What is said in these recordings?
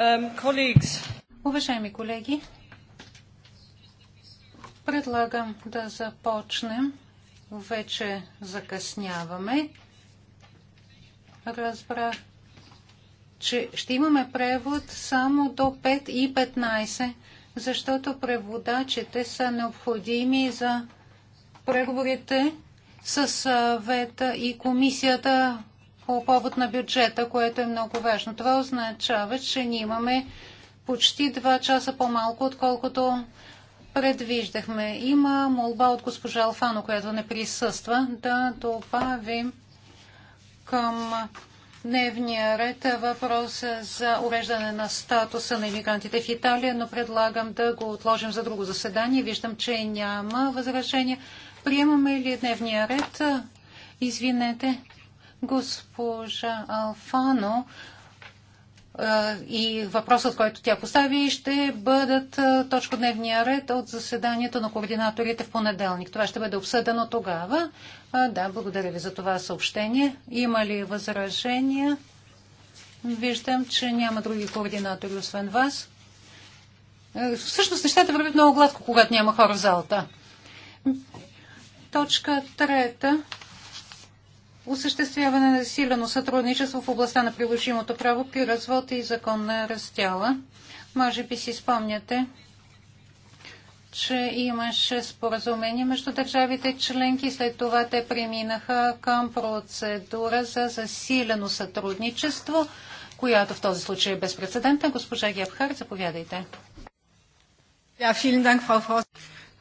Um, Уважаеми колеги, предлагам да започнем. Вече закъсняваме. Разбрах, че ще имаме превод само до 5 и 15, защото преводачите са необходими за преговорите с съвета и комисията по повод на бюджета, което е много важно. Това означава, че ние имаме почти 2 часа по-малко, отколкото предвиждахме. Има молба от госпожа Алфано, която не присъства, да добавим към дневния ред въпрос за уреждане на статуса на иммигрантите в Италия, но предлагам да го отложим за друго заседание. Виждам, че няма възражения. Приемаме ли дневния ред? Извинете госпожа Алфано е, и въпросът, който тя постави, ще бъдат е, точка дневния ред от заседанието на координаторите в понеделник. Това ще бъде обсъдено тогава. Да, благодаря ви за това съобщение. Има ли възражения? Виждам, че няма други координатори, освен вас. Е, всъщност нещата вървят много гладко, когато няма хора в залата. Точка трета осъществяване на силено сътрудничество в областта на приложимото право при развод и законна разтяла. Може би си спомняте, че имаше споразумение между държавите членки. След това те преминаха към процедура за засилено сътрудничество, която в този случай е безпредседентна. Госпожа Гебхар, заповядайте.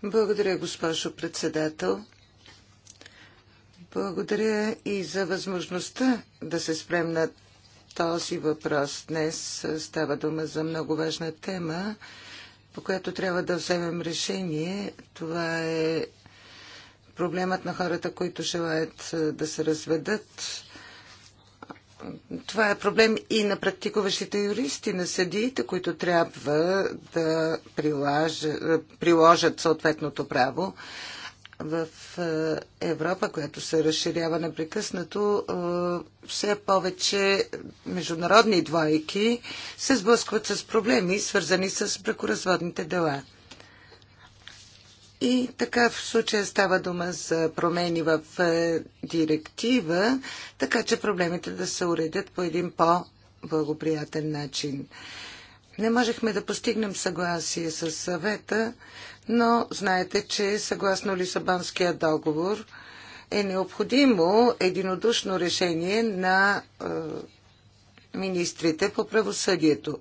Благодаря, госпожо председател. Благодаря и за възможността да се спрем на този въпрос. Днес става дума за много важна тема, по която трябва да вземем решение. Това е проблемът на хората, които желаят да се разведат. Това е проблем и на практикуващите юристи, на съдиите, които трябва да приложат съответното право в е, Европа, която се разширява непрекъснато, е, все повече международни двойки се сблъскват с проблеми, свързани с бракоразводните дела. И така в случая става дума за промени в е, директива, така че проблемите да се уредят по един по-благоприятен начин. Не можехме да постигнем съгласие с съвета, но знаете, че съгласно Лисабонския договор е необходимо единодушно решение на е, министрите по правосъдието.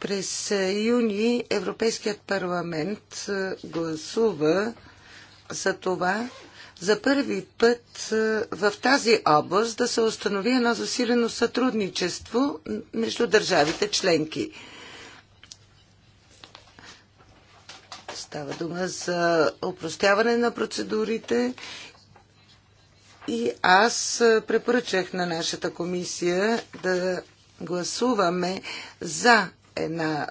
През юни Европейският парламент е, гласува за това за първи път е, в тази област да се установи едно засилено сътрудничество между държавите членки. Става дума за упростяване на процедурите и аз препоръчах на нашата комисия да гласуваме за една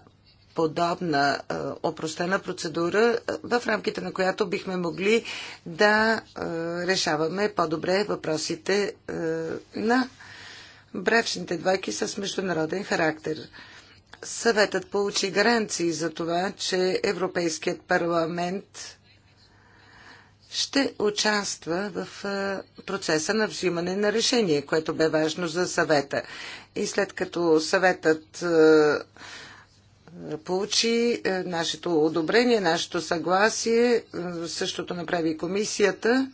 подобна опростена процедура, в рамките на която бихме могли да решаваме по-добре въпросите на брачните двойки с международен характер съветът получи гаранции за това, че Европейският парламент ще участва в процеса на взимане на решение, което бе важно за съвета. И след като съветът получи нашето одобрение, нашето съгласие, същото направи комисията,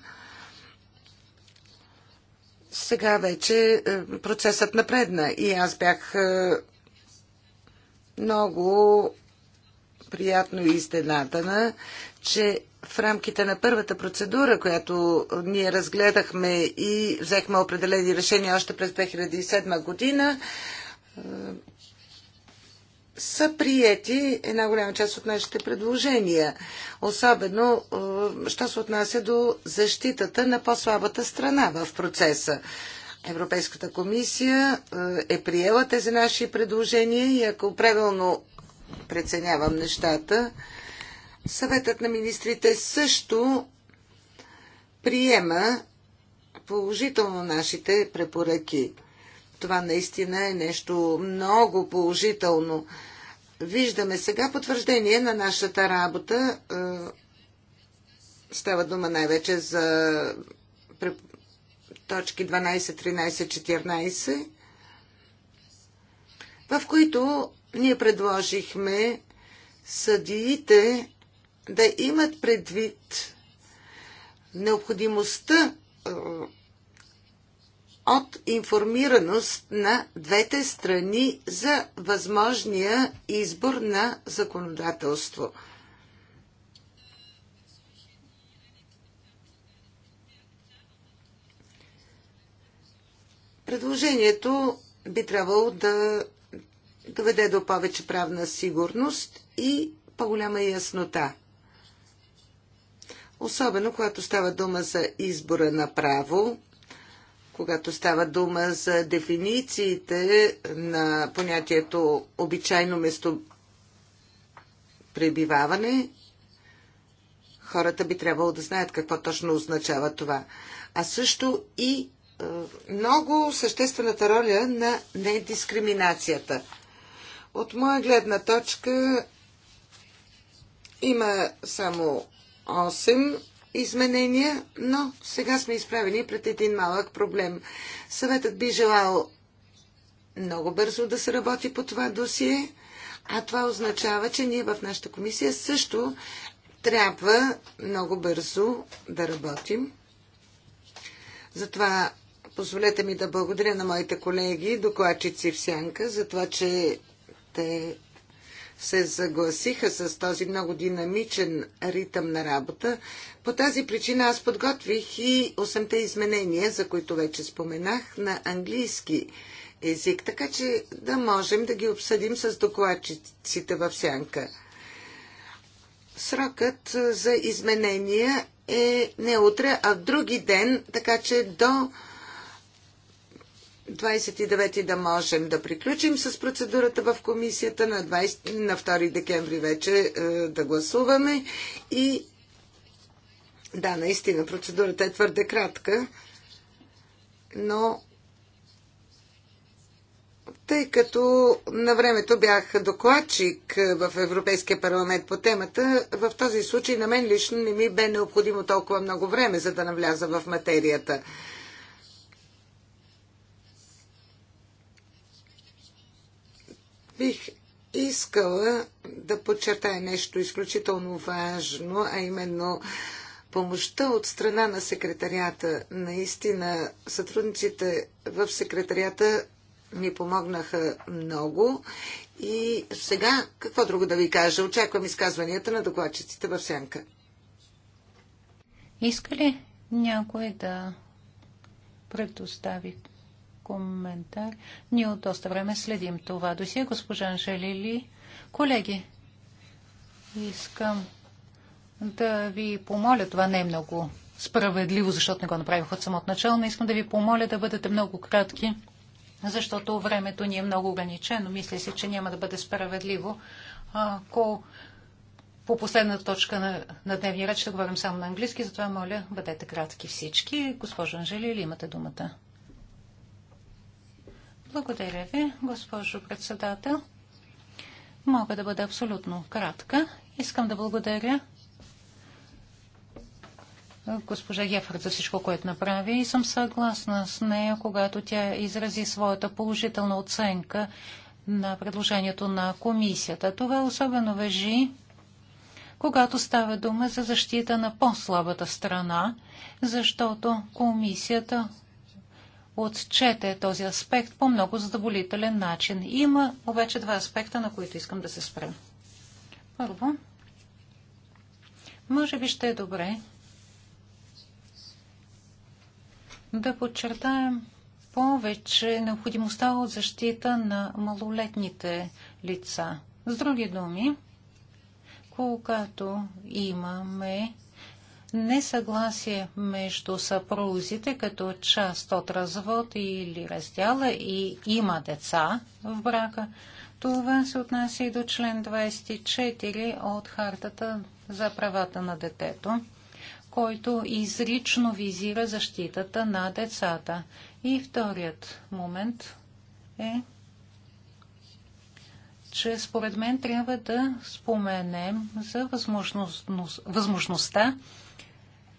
сега вече процесът напредна и аз бях много приятно и изтенатана, че в рамките на първата процедура, която ние разгледахме и взехме определени решения още през 2007 година, е, са приети една голяма част от нашите предложения. Особено, е, що се отнася до защитата на по-слабата страна в процеса. Европейската комисия е, е приела тези наши предложения и ако правилно преценявам нещата, съветът на министрите също приема положително нашите препоръки. Това наистина е нещо много положително. Виждаме сега потвърждение на нашата работа. Е, става дума най-вече за точки 12, 13, 14, в които ние предложихме съдиите да имат предвид необходимостта от информираност на двете страни за възможния избор на законодателство – Предложението би трябвало да доведе до повече правна сигурност и по-голяма яснота. Особено, когато става дума за избора на право, когато става дума за дефинициите на понятието обичайно место пребиваване, хората би трябвало да знаят какво точно означава това. А също и много съществената роля на недискриминацията. От моя гледна точка има само 8 изменения, но сега сме изправени пред един малък проблем. Съветът би желал много бързо да се работи по това досие, а това означава, че ние в нашата комисия също трябва много бързо да работим. Затова Позволете ми да благодаря на моите колеги, докладчици в Сянка, за това, че те се загласиха с този много динамичен ритъм на работа. По тази причина аз подготвих и 8-те изменения, за които вече споменах, на английски език, така че да можем да ги обсъдим с докладчиците в сянка. Срокът за изменения е не утре, а в други ден, така че до 29 да можем да приключим с процедурата в комисията, на, 20, на 2 декември вече е, да гласуваме и да, наистина процедурата е твърде кратка, но тъй като на времето бях докладчик в Европейския парламент по темата, в този случай на мен лично не ми бе необходимо толкова много време, за да навляза в материята. Бих искала да подчертая нещо изключително важно, а именно помощта от страна на секретарията. Наистина, сътрудниците в секретарията ми помогнаха много. И сега, какво друго да ви кажа? Очаквам изказванията на докладчиците в сянка. Иска ли някой да предостави коментар. Ние от доста време следим това досие. Госпожа Анжелили, колеги, искам да ви помоля, това не е много справедливо, защото не го направих от самото начало, но искам да ви помоля да бъдете много кратки, защото времето ни е много ограничено. Мисля си, че няма да бъде справедливо, ако по последната точка на, на дневния ред ще говорим само на английски, затова моля, бъдете кратки всички. Госпожа Анжели, или имате думата? Благодаря ви, госпожо председател. Мога да бъда абсолютно кратка. Искам да благодаря госпожа Гефърт за всичко, което направи и съм съгласна с нея, когато тя изрази своята положителна оценка на предложението на комисията. Това особено въжи, когато става дума за защита на по-слабата страна, защото комисията отчете този аспект по много задоволителен начин. Има обаче два аспекта, на които искам да се спра. Първо, може би ще е добре да подчертаем повече необходимостта от защита на малолетните лица. С други думи, когато имаме несъгласие между съпрузите като част от развод или раздяла и има деца в брака. Това се отнася и до член 24 от Хартата за правата на детето, който изрично визира защитата на децата. И вторият момент е, че според мен трябва да споменем за възможност, възможността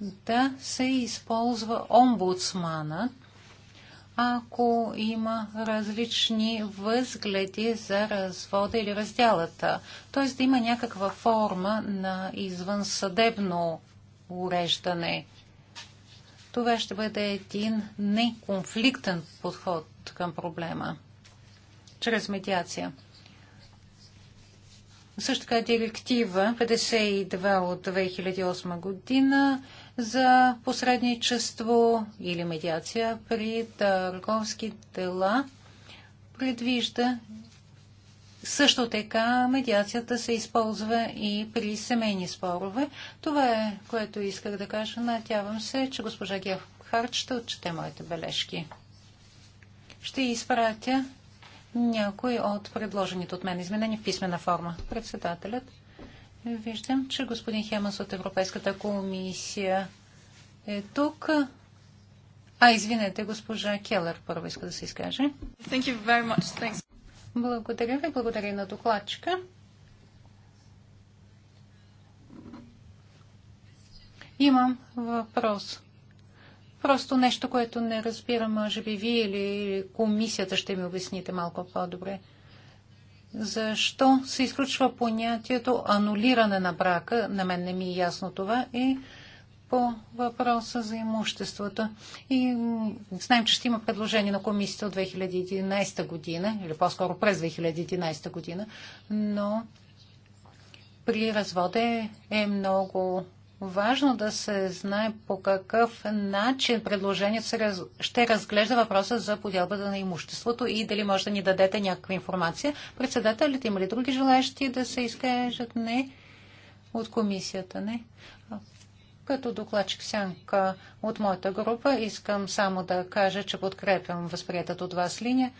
да се използва омбудсмана, ако има различни възгледи за развода или разделата. Т.е. да има някаква форма на извънсъдебно уреждане. Това ще бъде един неконфликтен подход към проблема чрез медиация. Също така директива 52 от 2008 година за посредничество или медиация при търговски дела предвижда също така медиацията се използва и при семейни спорове. Това е, което исках да кажа. Надявам се, че госпожа Герхард ще отчете моите бележки. Ще изпратя някой от предложените от мен изменения в писмена форма. Председателят. Виждам, че господин Хемас от Европейската комисия е тук. А, извинете, госпожа Келър първо иска да се изкаже. Thank you very much. Thanks. Благодаря ви, благодаря на докладчика. Имам въпрос. Просто нещо, което не разбирам, може би вие или комисията ще ми обясните малко по-добре защо се изключва понятието анулиране на брака. На мен не ми е ясно това. И по въпроса за имуществото. И знаем, че ще има предложение на комисията от 2011 година, или по-скоро през 2011 година, но при развода е много важно да се знае по какъв начин предложението раз... ще разглежда въпроса за подялбата на имуществото и дали може да ни дадете някаква информация. Председателите има ли други желаящи да се изкажат? Не. От комисията, не. Като докладчик сянка от моята група искам само да кажа, че подкрепям възприятата от вас линия.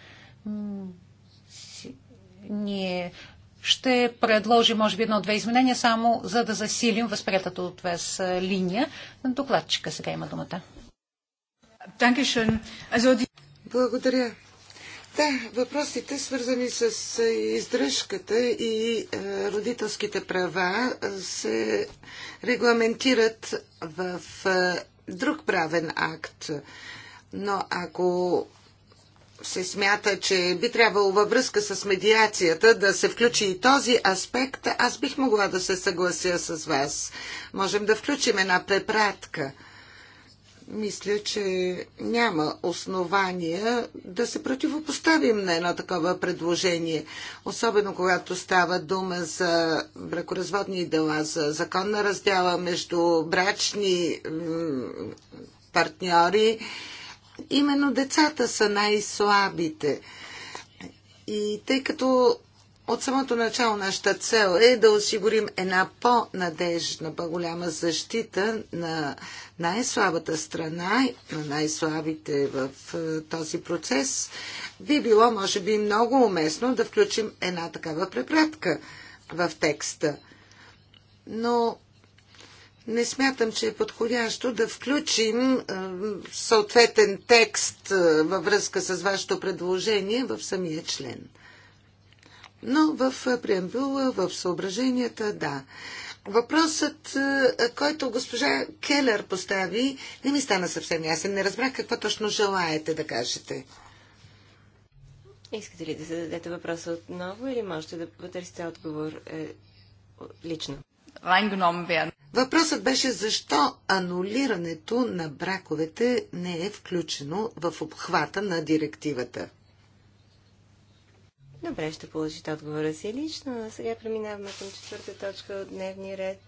Ние ще предложи, може би, едно-две изменения, само за да засилим възприятата от вас линия. Докладчика сега има думата. Благодаря. Да, въпросите свързани с издръжката и родителските права се регламентират в друг правен акт. Но ако се смята, че би трябвало във връзка с медиацията да се включи и този аспект, аз бих могла да се съглася с вас. Можем да включим една препратка. Мисля, че няма основания да се противопоставим на едно такова предложение, особено когато става дума за бракоразводни дела, за законна раздяла между брачни партньори именно децата са най-слабите. И тъй като от самото начало нашата цел е да осигурим една по-надежна, по-голяма защита на най-слабата страна, на най-слабите в е, този процес, би било, може би, много уместно да включим една такава препратка в текста. Но не смятам, че е подходящо да включим е, съответен текст е, във връзка с вашето предложение в самия член. Но в е, преамбюла, в съображенията, да. Въпросът, който госпожа Келер постави, не ми стана съвсем ясен. Не разбрах какво точно желаете да кажете. Искате ли да зададете въпроса отново или можете да потърсите отговор е, лично? Reingenommen werden. Въпросът беше защо анулирането на браковете не е включено в обхвата на директивата. Добре, ще получите отговора си лично. но сега преминаваме към четвърта точка от дневния ред.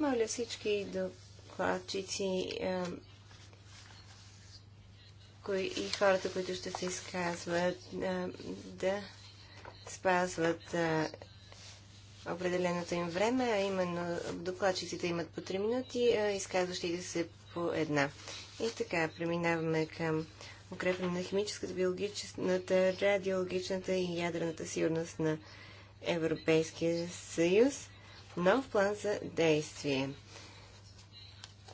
Моля всички докладчици е, и хората, които ще се изказват, е, да спазват е, определеното им време, а именно докладчиците имат по 3 минути, изказващите се по една. И така, преминаваме към укрепване на химическата, биологичната, радиологичната и ядрената сигурност на Европейския съюз. Нов план за действие.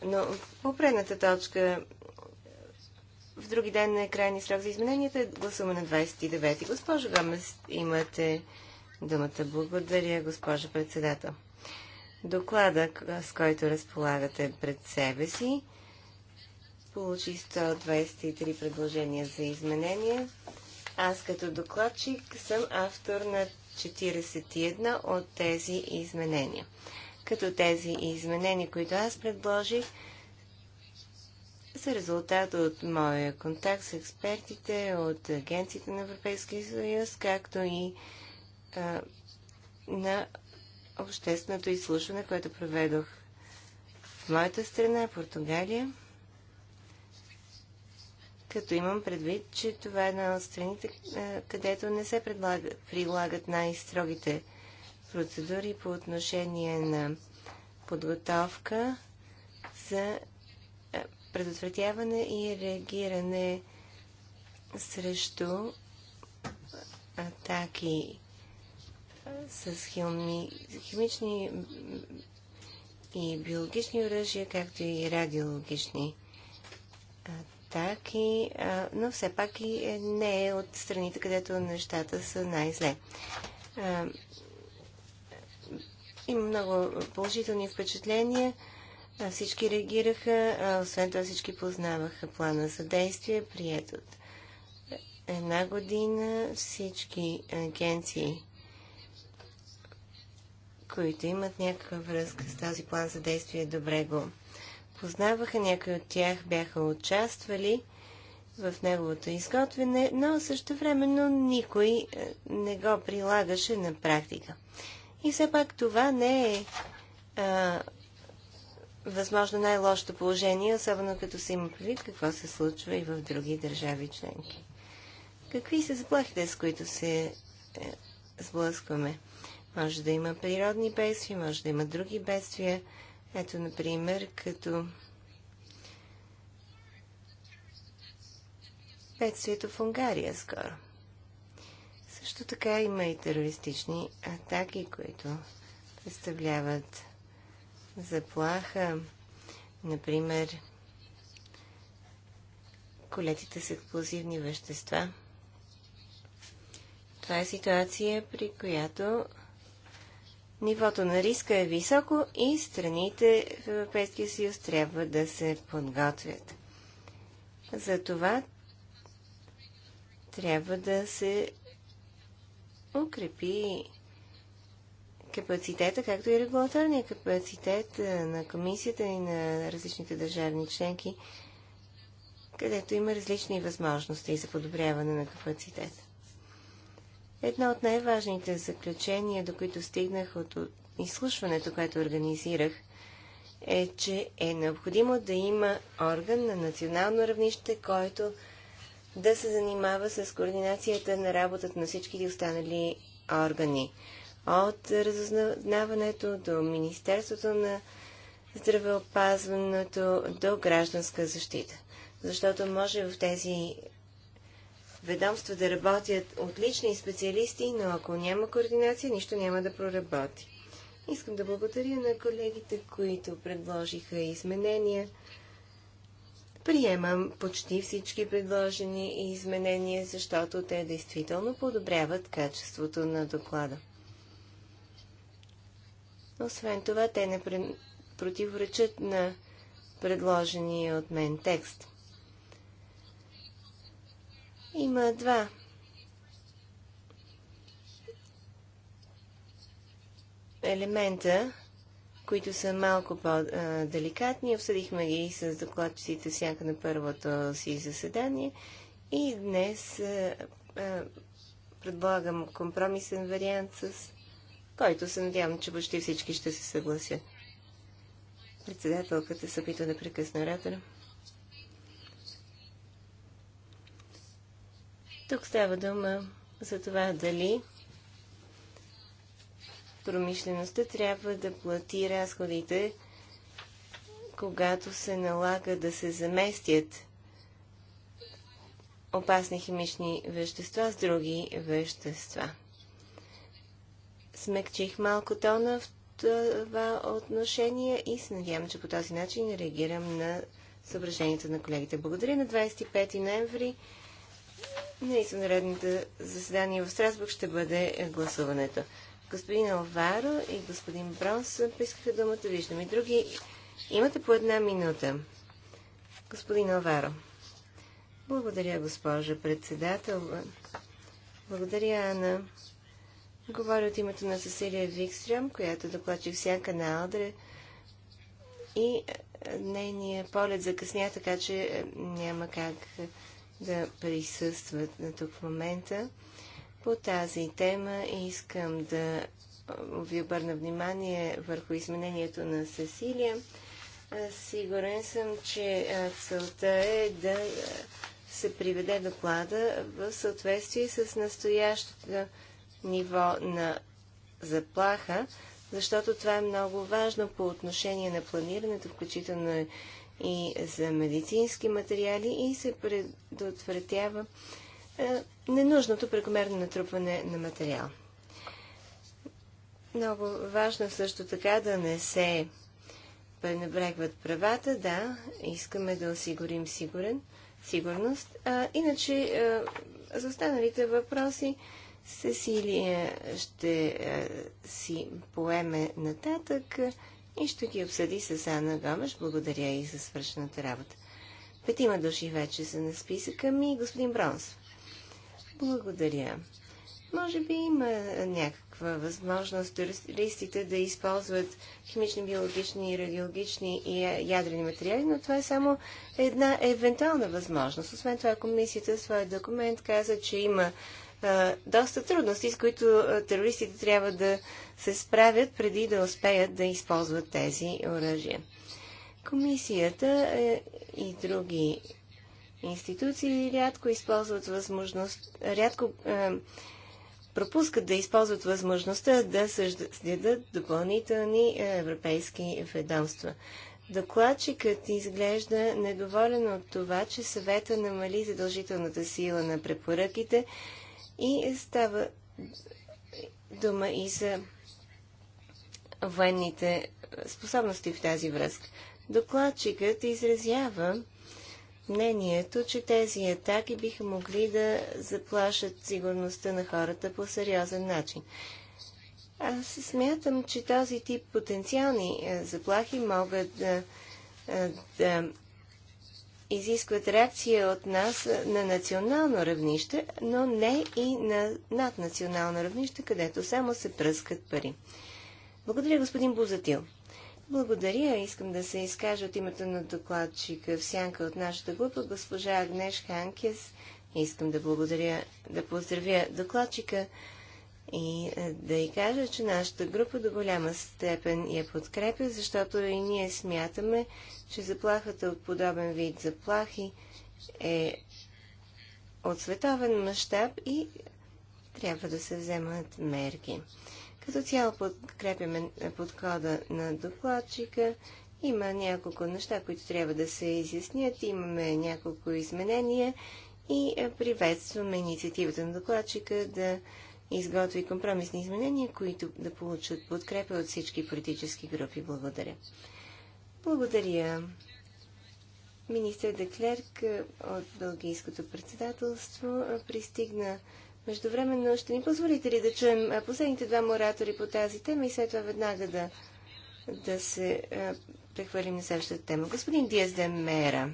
Но по предната точка в други ден на крайни срок за измененията гласуваме на 29. Госпожо Гомес, имате думата. Благодаря, госпожа председател. Доклада, с който разполагате пред себе си, получи 123 предложения за изменения. Аз като докладчик съм автор на 41 от тези изменения. Като тези изменения, които аз предложих, са резултат от моя контакт с експертите от Агенцията на Европейския съюз, както и а, на общественото изслушване, което проведох в моята страна, Португалия, като имам предвид, че това е една от страните, където не се предлага, прилагат най-строгите процедури по отношение на подготовка за предотвратяване и реагиране срещу атаки с хими, химични и биологични оръжия, както и радиологични атаки, но все пак и не е от страните, където нещата са най-зле. Има много положителни впечатления. Всички реагираха, освен това всички познаваха плана за действие, прият от една година всички агенции които имат някаква връзка с този план за действие, добре го познаваха. Някои от тях бяха участвали в неговото изготвяне, но също времено никой е, не го прилагаше на практика. И все пак това не е а, възможно най-лошото положение, особено като се има предвид какво се случва и в други държави членки. Какви са заплахите, с които се е, сблъскваме? Може да има природни бедствия, може да има други бедствия. Ето, например, като бедствието в Унгария скоро. Също така има и терористични атаки, които представляват заплаха. Например, колетите с експлозивни вещества. Това е ситуация, при която Нивото на риска е високо и страните в Европейския съюз трябва да се подготвят. За това трябва да се укрепи капацитета, както и регулаторния капацитет е, на комисията и на различните държавни членки, където има различни възможности за подобряване на капацитета. Едно от най-важните заключения, до които стигнах от изслушването, което организирах, е, че е необходимо да има орган на национално равнище, който да се занимава с координацията на работата на всички останали органи. От разузнаването до Министерството на здравеопазването до гражданска защита. Защото може в тези ведомства да работят отлични специалисти, но ако няма координация, нищо няма да проработи. Искам да благодаря на колегите, които предложиха изменения. Приемам почти всички предложени изменения, защото те действително подобряват качеството на доклада. Освен това, те не противоречат на предложения от мен текст. Има два. Елемента, които са малко по-деликатни. Обсъдихме ги с докладчиците всяка на първото си заседание. И днес предлагам компромисен вариант, с който се надявам, че почти всички ще се съгласят. Председателката се опитва да прекъсне оратора. Тук става дума за това дали промишлеността трябва да плати разходите, когато се налага да се заместят опасни химични вещества с други вещества. Смекчих малко тона в това отношение и се надявам, че по този начин реагирам на съображенията на колегите. Благодаря на 25 ноември на извънредното заседание в Страсбург ще бъде гласуването. Господин Алваро и господин Бронс поискаха думата. Виждам и други. Имате по една минута. Господин Алваро. Благодаря, госпожа председател. Благодаря, Ана. Говоря от името на Сесилия Викстрем, която доплачи всяка на Алдре и нейният полет закъсня, така че няма как да присъстват на тук в момента. По тази тема искам да ви обърна внимание върху изменението на Сесилия. Сигурен съм, че целта е да се приведе доклада в съответствие с настоящото ниво на заплаха, защото това е много важно по отношение на планирането, включително и за медицински материали и се предотвратява е, ненужното прекомерно натрупване на материал. Много важно е също така да не се пренебрегват правата. Да, искаме да осигурим сигурен, сигурност. А, иначе а, е, за останалите въпроси Сесилия ще а, е, си поеме нататък и ще ги обсъди с Анна Гомеш. Благодаря и за свършената работа. Петима души вече са на списъка ми, господин Бронс. Благодаря. Може би има някаква възможност туристите да използват химични, биологични, радиологични и ядрени материали, но това е само една евентуална възможност. Освен това, комисията в своя документ каза, че има доста трудности, с които терористите трябва да се справят преди да успеят да използват тези оръжия. Комисията е, и други институции рядко използват възможност, рядко е, пропускат да използват възможността да следят допълнителни европейски ведомства. Докладчикът изглежда недоволен от това, че съвета намали задължителната сила на препоръките и става дума и за военните способности в тази връзка. Докладчикът изразява мнението, че тези атаки биха могли да заплашат сигурността на хората по сериозен начин. Аз смятам, че този тип потенциални е, заплахи могат да, е, да изискват реакция от нас на национално равнище, но не и на наднационално равнище, където само се пръскат пари. Благодаря, господин Бузатил. Благодаря. Искам да се изкажа от името на докладчика в сянка от нашата група, госпожа Агнеш Ханкес. Искам да благодаря, да поздравя докладчика и е, да й кажа, че нашата група до голяма степен я подкрепя, защото и ние смятаме, че заплахата от подобен вид заплахи е от световен мащаб и трябва да се вземат мерки. Като цяло подкрепяме подхода на докладчика. Има няколко неща, които трябва да се изяснят. Имаме няколко изменения и е, приветстваме инициативата на докладчика да изготви компромисни изменения, които да получат подкрепа от всички политически групи. Благодаря. Благодаря. Министър Деклерк от Бългийското председателство пристигна Междувременно ще ни позволите ли да чуем последните два моратори по тази тема и след това веднага да, да се прехвърлим на следващата тема. Господин Диас де Мера.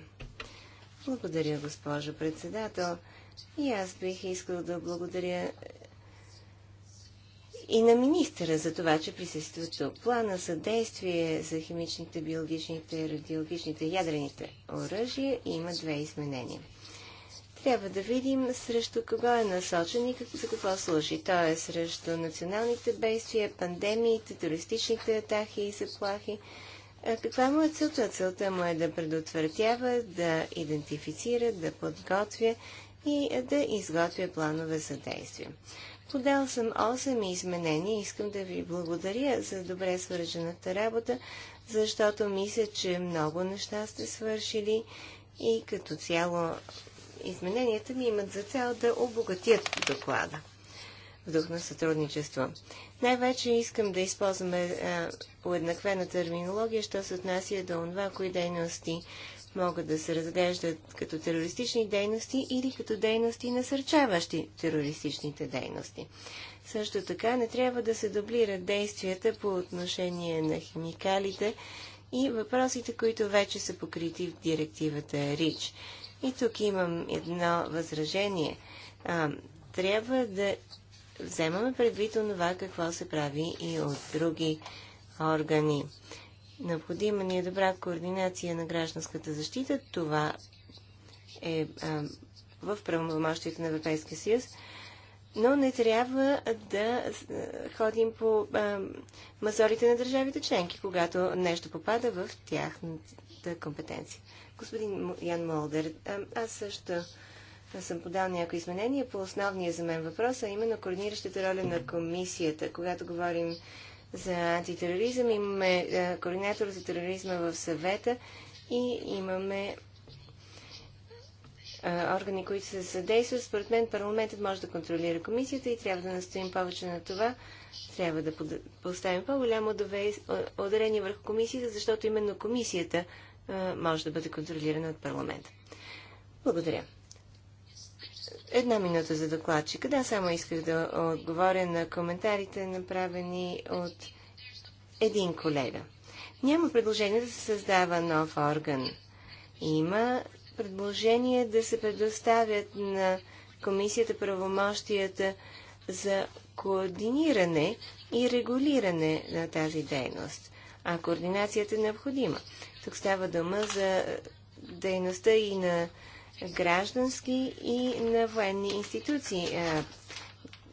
Благодаря, госпожо председател. И аз бих искал да благодаря и на министъра за това, че присъстват тук. Плана действие за химичните, биологичните, радиологичните, ядрените оръжия има две изменения. Трябва да видим срещу кого е насочен и как, за какво служи. Той е срещу националните бедствия, пандемиите, терористичните атаки и заплахи. А каква му е целта? Целта му е да предотвратява, да идентифицира, да подготвя и да изготвя планове за действие. Подал съм 8 изменения и искам да ви благодаря за добре свържената работа, защото мисля, че много неща сте свършили и като цяло измененията ми имат за цел да обогатят доклада в дух на сътрудничество. Най-вече искам да използваме уеднаквена терминология, що се отнася до това, кои дейности могат да се разглеждат като терористични дейности или като дейности, насърчаващи терористичните дейности. Също така не трябва да се дублират действията по отношение на химикалите и въпросите, които вече са покрити в директивата РИЧ. И тук имам едно възражение. А, трябва да вземаме предвид това, какво се прави и от други органи. Необходима ни е добра координация на гражданската защита. Това е а, в правомощите на Европейския съюз. Но не трябва да ходим по а, мазорите на държавите членки, когато нещо попада в тяхната компетенция. Господин Ян Молдер, а, аз също аз съм подал някои изменения по основния за мен въпрос, а именно координиращата роля на комисията. Когато говорим за антитероризъм, имаме е, координатор за тероризма в съвета и имаме е, органи, които се съдействат. Според мен парламентът може да контролира комисията и трябва да настоим повече на това. Трябва да поставим по-голямо ударение върху комисията, защото именно комисията е, може да бъде контролирана от парламента. Благодаря. Една минута за докладчика. Да, само исках да отговоря на коментарите, направени от един колега. Няма предложение да се създава нов орган. Има предложение да се предоставят на комисията правомощията за координиране и регулиране на тази дейност, а координацията е необходима. Тук става дума за дейността и на граждански и на военни институции.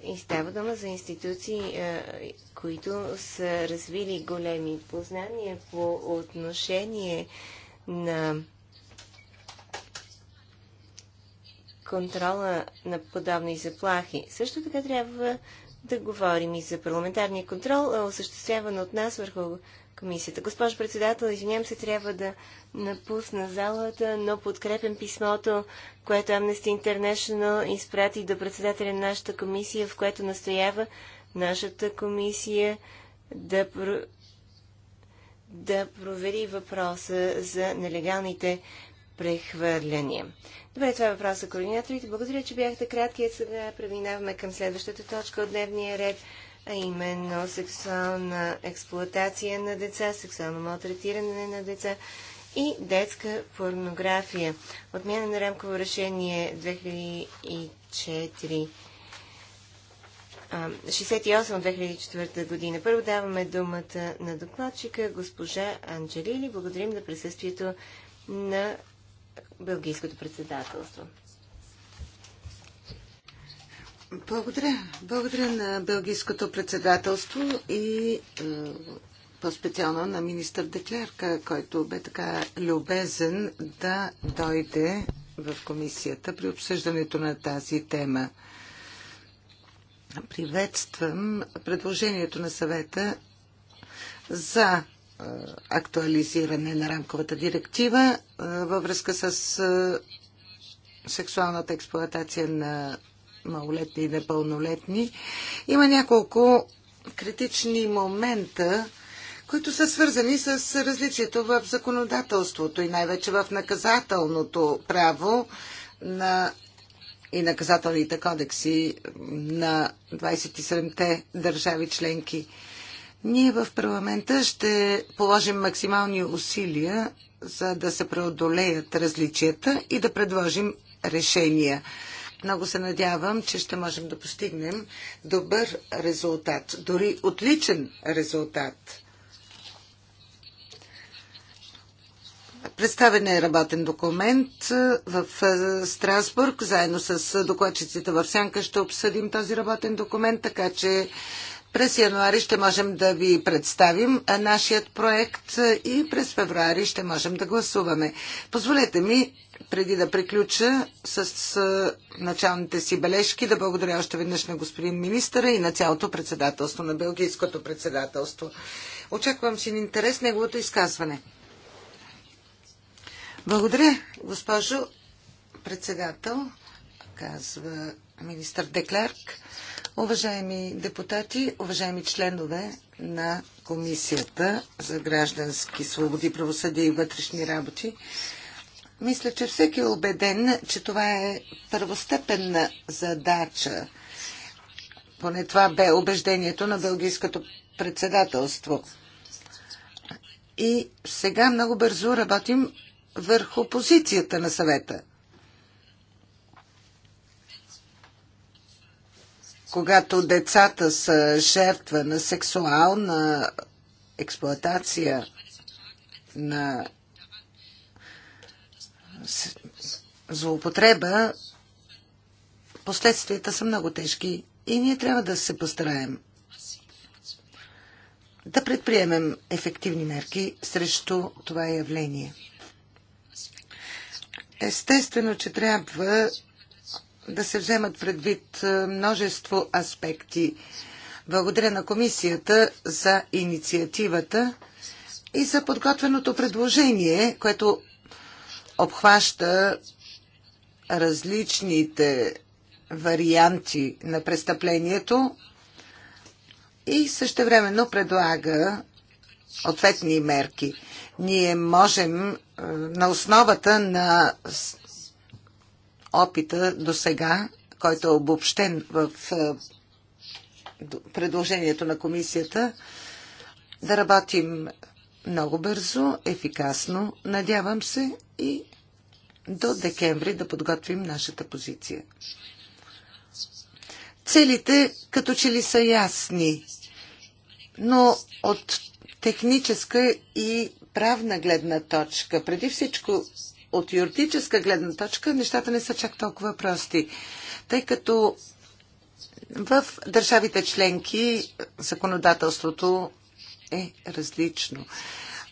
И става дума за институции, които са развили големи познания по отношение на контрола на подобни заплахи. Също така трябва да говорим и за парламентарния контрол, осъществяван от нас върху комисията. Госпожо председател, извинявам се, трябва да напусна залата, но подкрепям писмото, което Amnesty International изпрати до председателя на нашата комисия, в което настоява нашата комисия да, про... да провери въпроса за нелегалните прехвърляния. Добре, това е въпрос за координаторите. Благодаря, че бяхте кратки. Сега преминаваме към следващата точка от дневния ред – а именно сексуална експлоатация на деца, сексуално малтретиране на деца и детска порнография. Отмяна на рамково решение 2004 68 от 2004 година. Първо даваме думата на докладчика госпожа Анджелили. Благодарим за присъствието на Белгийското председателство. Благодаря. Благодаря на Белгийското председателство и е, по-специално на министър Деклерка, който бе така любезен да дойде в комисията при обсъждането на тази тема. Приветствам предложението на съвета за е, актуализиране на рамковата директива е, във връзка с е, сексуалната експлоатация на малолетни и непълнолетни. Има няколко критични момента, които са свързани с различието в законодателството и най-вече в наказателното право на и наказателните кодекси на 27-те държави членки. Ние в парламента ще положим максимални усилия за да се преодолеят различията и да предложим решения. Много се надявам, че ще можем да постигнем добър резултат, дори отличен резултат. Представен е работен документ в Страсбург. Заедно с докладчиците в Сянка ще обсъдим този работен документ, така че през януари ще можем да ви представим нашият проект и през февруари ще можем да гласуваме. Позволете ми преди да приключа с началните си бележки, да благодаря още веднъж на господин министъра и на цялото председателство, на Белгийското председателство. Очаквам си на интерес неговото изказване. Благодаря, госпожо председател, казва министър Деклерк. Уважаеми депутати, уважаеми членове на Комисията за граждански свободи, правосъдие и вътрешни работи, мисля, че всеки е убеден, че това е първостепенна задача. Поне това бе убеждението на Белгийското председателство. И сега много бързо работим върху позицията на съвета. Когато децата са жертва на сексуална експлоатация, на злоупотреба, последствията са много тежки и ние трябва да се постараем да предприемем ефективни мерки срещу това явление. Естествено, че трябва да се вземат предвид е, множество аспекти. Благодаря на комисията за инициативата и за подготвеното предложение, което обхваща различните варианти на престъплението и същевременно предлага ответни мерки. Ние можем е, на основата на опита до сега, който е обобщен в е, предложението на комисията, да работим много бързо, ефикасно, надявам се и до декември да подготвим нашата позиция. Целите като че ли са ясни, но от техническа и правна гледна точка, преди всичко от юридическа гледна точка, нещата не са чак толкова прости, тъй като в държавите членки законодателството е различно.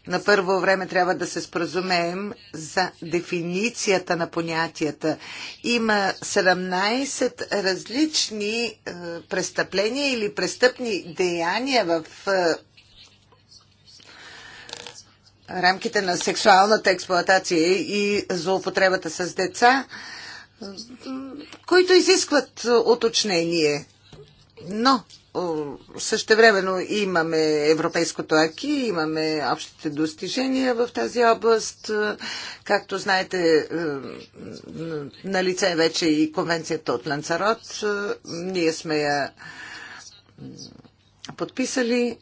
На първо време трябва да се споразумеем за дефиницията на понятията. Има 17 различни е, престъпления или престъпни деяния в е, рамките на сексуалната експлоатация и злоупотребата с деца, е, които изискват е, уточнение. Но Същевременно имаме европейското аки, имаме общите достижения в тази област. Както знаете, е, на лице е вече и конвенцията от Ланцарот. Е, ние сме я подписали.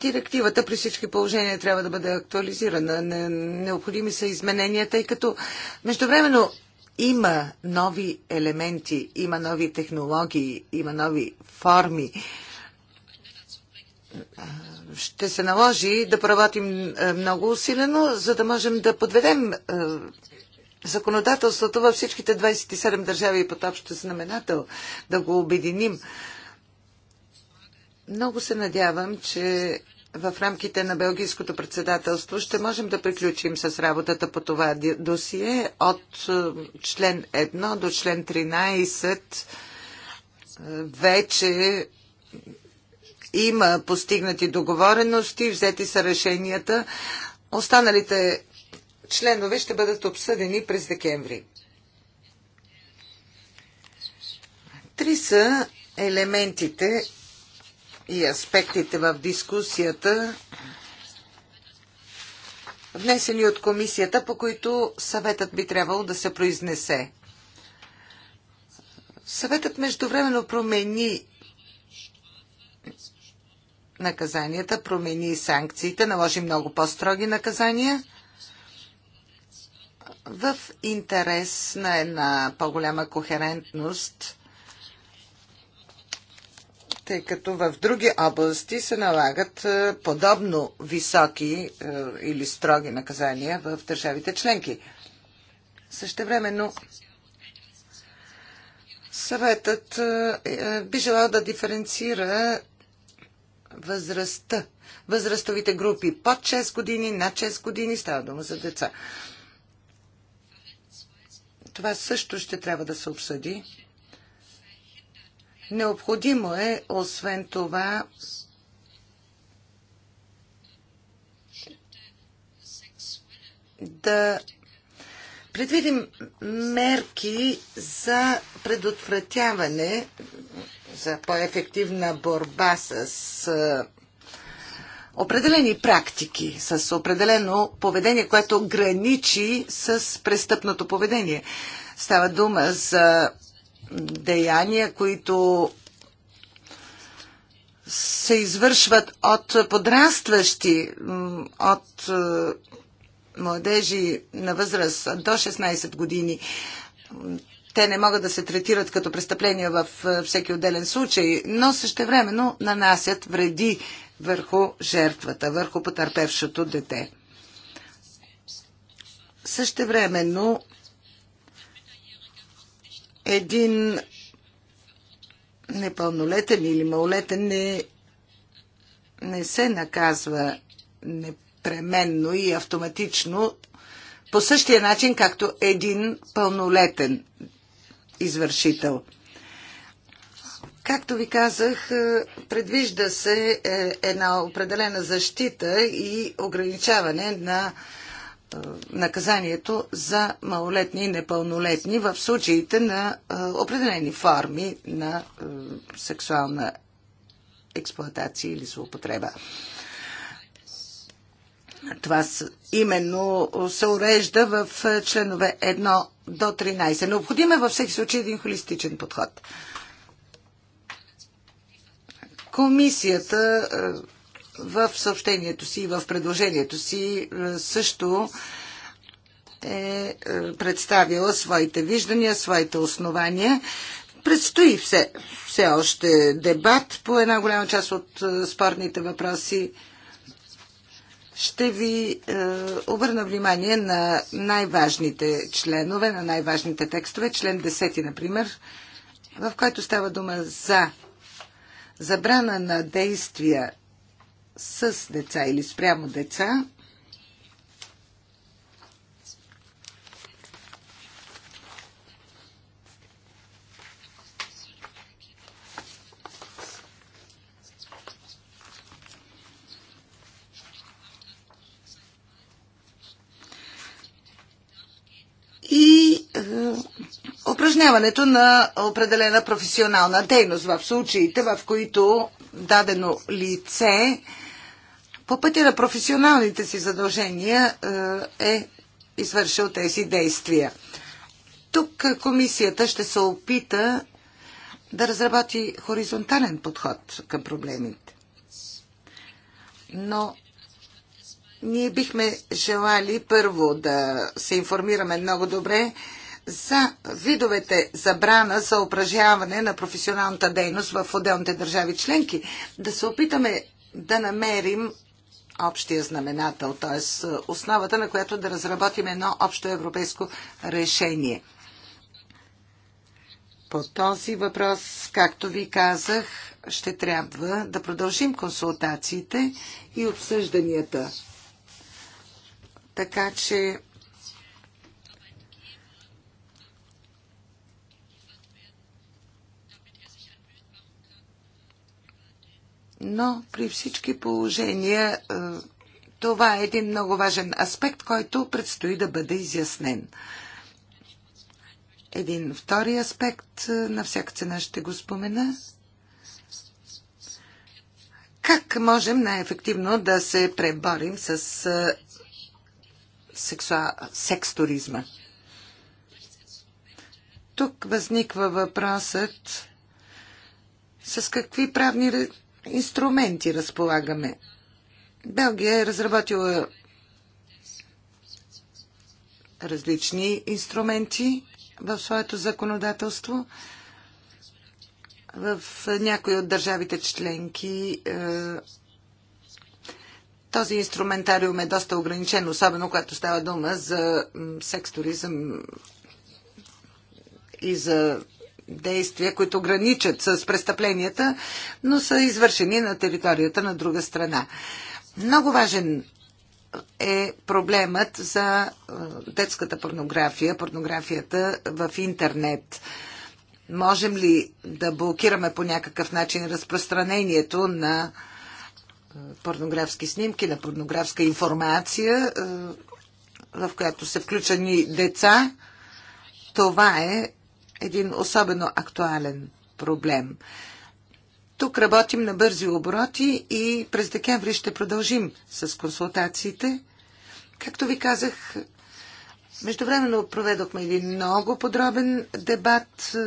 Директивата при всички положения трябва да бъде актуализирана. Необходими са изменения, тъй като междувременно има нови елементи, има нови технологии, има нови форми. Ще се наложи да поработим е, много усилено, за да можем да подведем е, законодателството във всичките 27 държави под общо знаменател, да го обединим. Много се надявам, че в рамките на Белгийското председателство ще можем да приключим с работата по това досие от е, член 1 до член 13 е, вече има постигнати договорености, взети са решенията. Останалите членове ще бъдат обсъдени през декември. Три са елементите, и аспектите в дискусията, внесени от комисията, по които съветът би трябвало да се произнесе. Съветът междувременно промени наказанията, промени санкциите, наложи много по-строги наказания в интерес на една по-голяма кохерентност тъй като в други области се налагат е, подобно високи е, или строги наказания в държавите членки. Същевременно съветът е, би желал да диференцира възрастта, възрастовите групи под 6 години, над 6 години става дума за деца. Това също ще трябва да се обсъди Необходимо е, освен това, да предвидим мерки за предотвратяване, за по-ефективна борба с определени практики, с определено поведение, което граничи с престъпното поведение. Става дума за деяния, които се извършват от подрастващи, от е, младежи на възраст до 16 години. Те не могат да се третират като престъпления в е, всеки отделен случай, но същевременно нанасят вреди върху жертвата, върху потърпевшото дете. Същевременно един непълнолетен или малолетен не, не се наказва непременно и автоматично по същия начин, както един пълнолетен извършител. Както ви казах, е, предвижда се е, една определена защита и ограничаване на е, наказанието за малолетни и непълнолетни в случаите на е, определени форми на е, сексуална експлоатация или злоупотреба. Това именно се урежда в членове 1 до 13. Необходим е във всеки случай един холистичен подход. Комисията в съобщението си и в предложението си е, също е, е представила своите виждания, своите основания. Предстои все, все още дебат по една голяма част от е, спорните въпроси. Ще ви е, обърна внимание на най-важните членове, на най-важните текстове. Член 10, например, в който става дума за забрана на действия с деца или спрямо деца. И е, упражняването на определена професионална дейност в случаите, в които дадено лице по пътя на професионалните си задължения е, е извършил тези действия. Тук комисията ще се опита да разработи хоризонтален подход към проблемите. Но ние бихме желали първо да се информираме много добре за видовете забрана за упражняване на професионалната дейност в отделните държави членки. Да се опитаме да намерим общия знаменател, т.е. основата, на която да разработим едно общо европейско решение. По този въпрос, както ви казах, ще трябва да продължим консултациите и обсъжданията. Така че но при всички положения е, това е един много важен аспект, който предстои да бъде изяснен. Един втори аспект е, на всяка цена ще го спомена. Как можем най-ефективно да се преборим с е, сексуа... секс-туризма? Тук възниква въпросът с какви правни инструменти разполагаме. Белгия е разработила различни инструменти в своето законодателство. В някои от държавите членки е, този инструментариум е доста ограничен, особено когато става дума за секс туризъм и за действия, които граничат с престъпленията, но са извършени на територията на друга страна. Много важен е проблемът за е, детската порнография, порнографията в интернет. Можем ли да блокираме по някакъв начин разпространението на е, порнографски снимки, на порнографска информация, е, в която се включени деца? Това е един особено актуален проблем. Тук работим на бързи обороти и през декември ще продължим с консултациите. Както ви казах, междувременно проведохме един много подробен дебат е,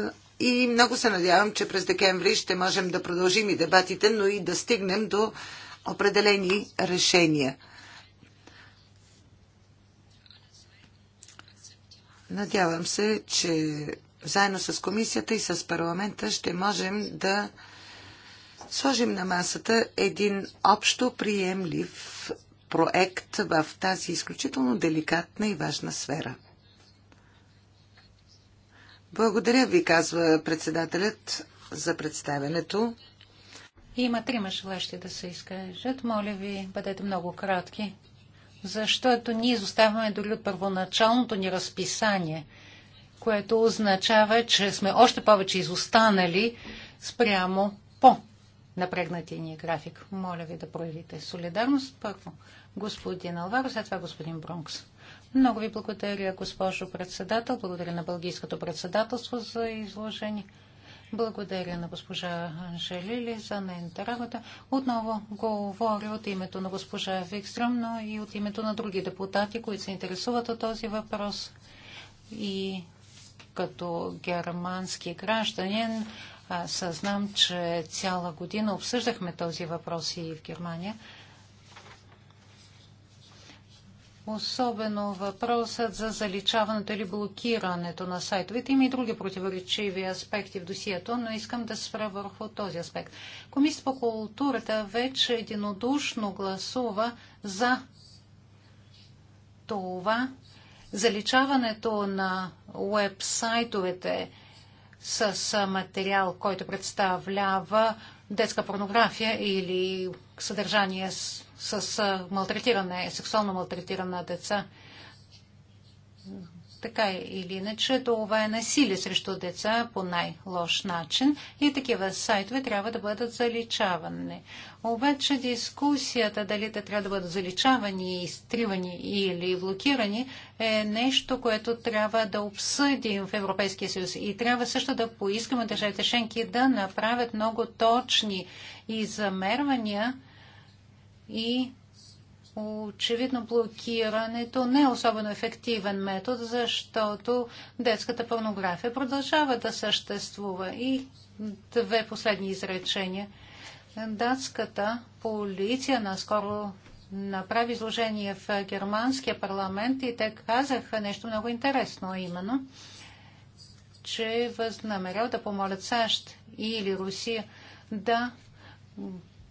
и много се надявам, че през декември ще можем да продължим и дебатите, но и да стигнем до определени решения. Надявам се, че заедно с комисията и с парламента ще можем да сложим на масата един общо приемлив проект в тази изключително деликатна и важна сфера. Благодаря ви, казва председателят за представенето. Има трима желащи да се изкажат. Моля ви, бъдете много кратки, защото ние изоставаме дори от първоначалното ни разписание – което означава, че сме още повече изостанали спрямо по напрегнатия ни график. Моля ви да проявите солидарност. Първо господин Алваро, след това господин Бронкс. Много ви благодаря, госпожо председател. Благодаря на Бългийското председателство за изложение. Благодаря на госпожа Анжелили за нейната работа. Отново говоря от името на госпожа Викстрам, но и от името на други депутати, които се интересуват от този въпрос. И като германски гражданин съзнам, че цяла година обсъждахме този въпрос и в Германия. Особено въпросът за заличаването или блокирането на сайтовете. Има и други противоречиви аспекти в досието, но искам да спра върху този аспект. Комисията по културата вече единодушно гласува за това заличаването на уебсайтовете с материал, който представлява детска порнография или съдържание с, малтретиране, сексуално малтретиране на деца – така или иначе това е насилие срещу деца по най-лош начин и такива сайтове трябва да бъдат заличавани. Обаче дискусията дали те трябва да бъдат заличавани, изтривани или блокирани е нещо, което трябва да обсъдим в Европейския съюз. И трябва също да поискаме държавите шенки да направят много точни измервания и Очевидно блокирането не е особено ефективен метод, защото детската порнография продължава да съществува. И две последни изречения. Датската полиция наскоро направи изложение в германския парламент и те казаха нещо много интересно, именно, че възнамерял да помолят САЩ или Русия да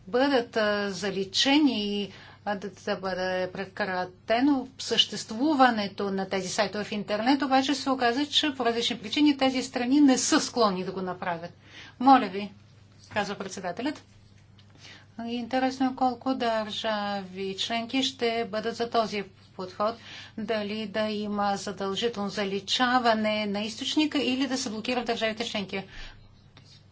бъдат заличени и да бъде прекратено съществуването на тези сайтове в интернет, обаче се оказа, че по различни причини тези страни не са склонни да го направят. Моля ви, казва председателят. Интересно е колко държави членки ще бъдат за този подход. Дали да има задължително заличаване на източника или да се блокират държавите членки.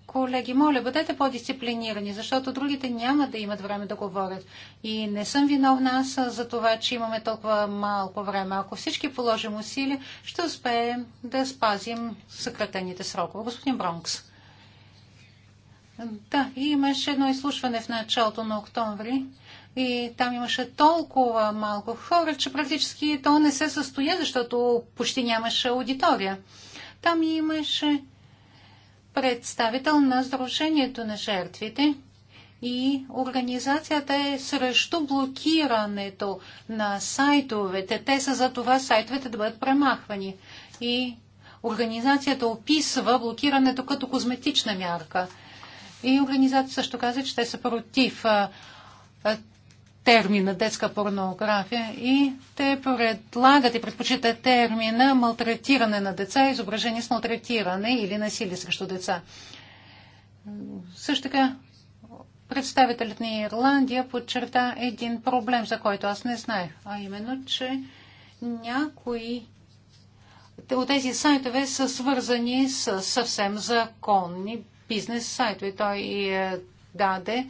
Колеги, моля, бъдете по-дисциплинирани, защото другите няма да имат време да говорят. И не съм виновна аз за това, че имаме толкова малко време. Ако всички положим усилия, ще успеем да спазим съкратените срокове. Господин Бронкс. Да, имаше едно изслушване в началото на октомври и там имаше толкова малко хора, че практически то не се състоя, защото почти нямаше аудитория. Там имаше представител на Сдружението на жертвите и организацията е срещу блокирането на сайтовете. Те са за това сайтовете да бъдат премахвани. И организацията описва блокирането като козметична мярка. И организацията също каза, че те са против термина детска порнография и те предлагат и предпочитат термина малтретиране на деца, изображение с малтретиране или насилие срещу деца. Също така представителят на Ирландия подчерта един проблем, за който аз не знаех, а именно, че някои от тези сайтове са свързани с съвсем законни бизнес сайтове. Той и е даде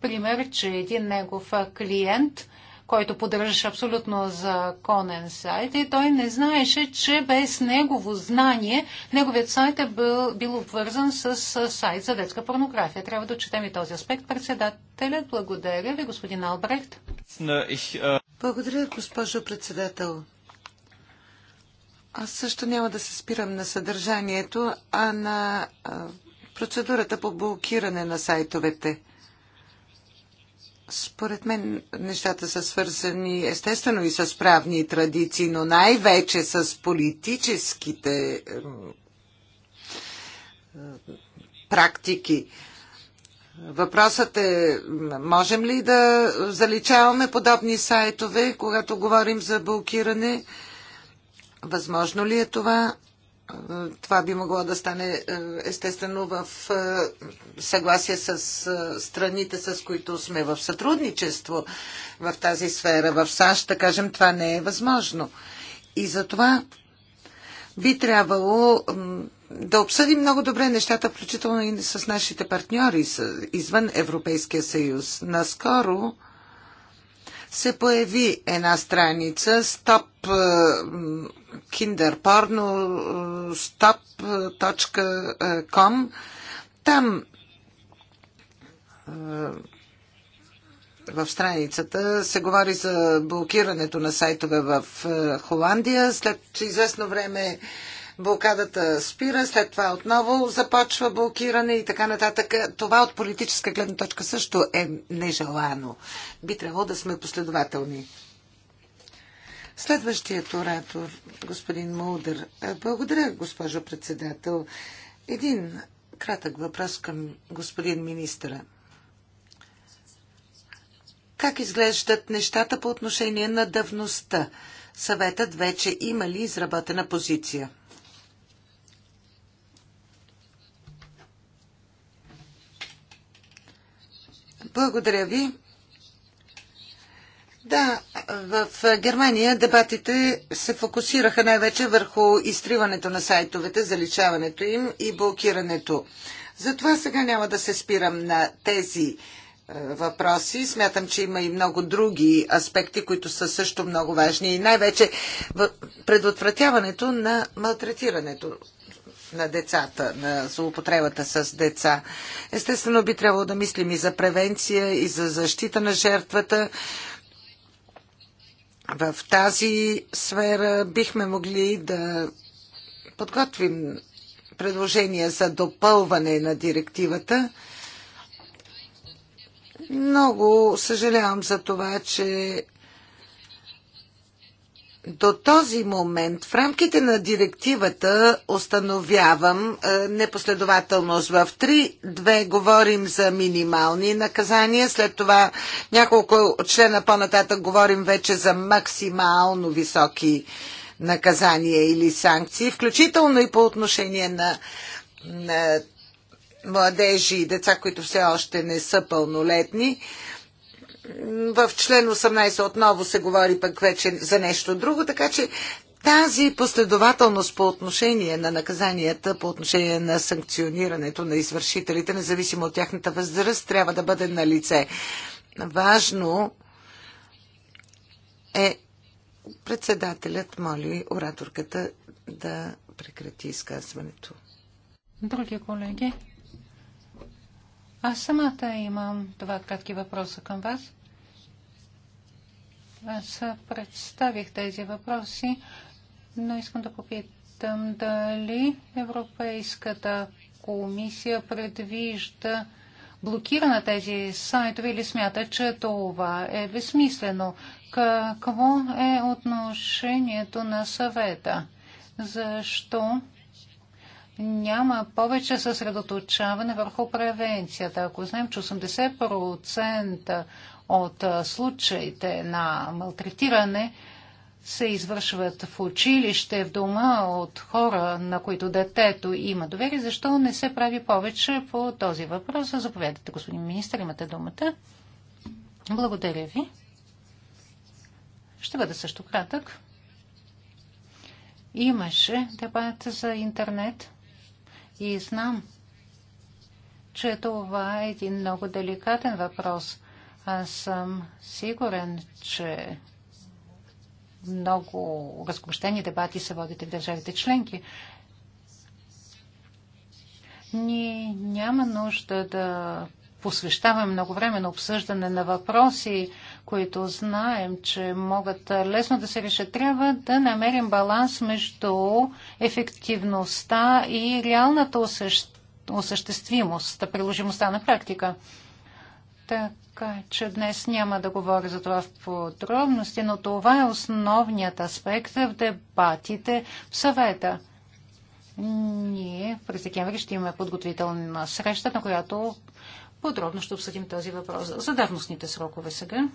пример, че един негов клиент, който поддържаше абсолютно законен сайт и той не знаеше, че без негово знание неговият сайт е бил, бил обвързан с сайт за детска порнография. Трябва да четем и този аспект. Председателят, благодаря ви, господин Албрехт. Благодаря, госпожо председател. Аз също няма да се спирам на съдържанието, а на процедурата по блокиране на сайтовете – според мен нещата са свързани естествено и с правни традиции, но най-вече с политическите е, практики. Въпросът е, можем ли да заличаваме подобни сайтове, когато говорим за блокиране? Възможно ли е това? Това би могло да стане е, естествено в е, съгласие с е, страните, с които сме в сътрудничество в тази сфера. В САЩ, да кажем, това не е възможно. И затова би трябвало да обсъдим много добре нещата, включително и с нашите партньори извън Европейския съюз. Наскоро се появи една страница Stop е, kinderporno е, stop.com там е, в страницата се говори за блокирането на сайтове в Холандия. След известно време блокадата спира, след това отново започва блокиране и така нататък. Това от политическа гледна точка също е нежелано. Би трябвало да сме последователни. Следващият оратор, господин Молдър. Е, благодаря, госпожо председател. Един кратък въпрос към господин министъра. Как изглеждат нещата по отношение на давността? Съветът вече има ли изработена позиция? Благодаря ви. Да, в Германия дебатите се фокусираха най-вече върху изтриването на сайтовете, заличаването им и блокирането. Затова сега няма да се спирам на тези е, въпроси. Смятам, че има и много други аспекти, които са също много важни. И най-вече предотвратяването на малтретирането на децата, на злоупотребата с деца. Естествено би трябвало да мислим и за превенция, и за защита на жертвата. В тази сфера бихме могли да подготвим предложения за допълване на директивата. Много съжалявам за това, че до този момент в рамките на директивата установявам е, непоследователност. В 3-2 говорим за минимални наказания, след това няколко члена по-нататък говорим вече за максимално високи наказания или санкции, включително и по отношение на, на младежи и деца, които все още не са пълнолетни. Е, в член 18 отново се говори пък вече за нещо друго, така че тази последователност по отношение на наказанията, по отношение на санкционирането на извършителите, независимо от тяхната възраст, трябва да бъде на лице. Важно е председателят моли ораторката да прекрати изказването. Други колеги, аз самата имам два кратки въпроса към вас. Аз представих тези въпроси, но искам да попитам дали Европейската комисия предвижда блокира на тези сайтове или смята, че това е безсмислено. Какво е отношението на съвета? Защо няма повече съсредоточаване върху превенцията? Ако знаем, че 80% от случаите на малтретиране се извършват в училище, в дома от хора, на които детето има доверие. Защо не се прави повече по този въпрос? Заповядайте, господин министр, имате думата. Благодаря ви. Ще бъда също кратък. Имаше дебат за интернет и знам, че това е един много деликатен въпрос – аз съм сигурен, че много разгощени дебати се водите в държавите членки. Ние няма нужда да посвещаваме много време на обсъждане на въпроси, които знаем, че могат лесно да се решат. Трябва да намерим баланс между ефективността и реалната осъществимост, приложимостта на практика. Така така е, че днес няма да говоря за това в подробности, но това е основният аспект в дебатите в съвета. Ние през декември ще имаме подготвителна среща, на която подробно ще обсъдим този въпрос за давностните срокове сега.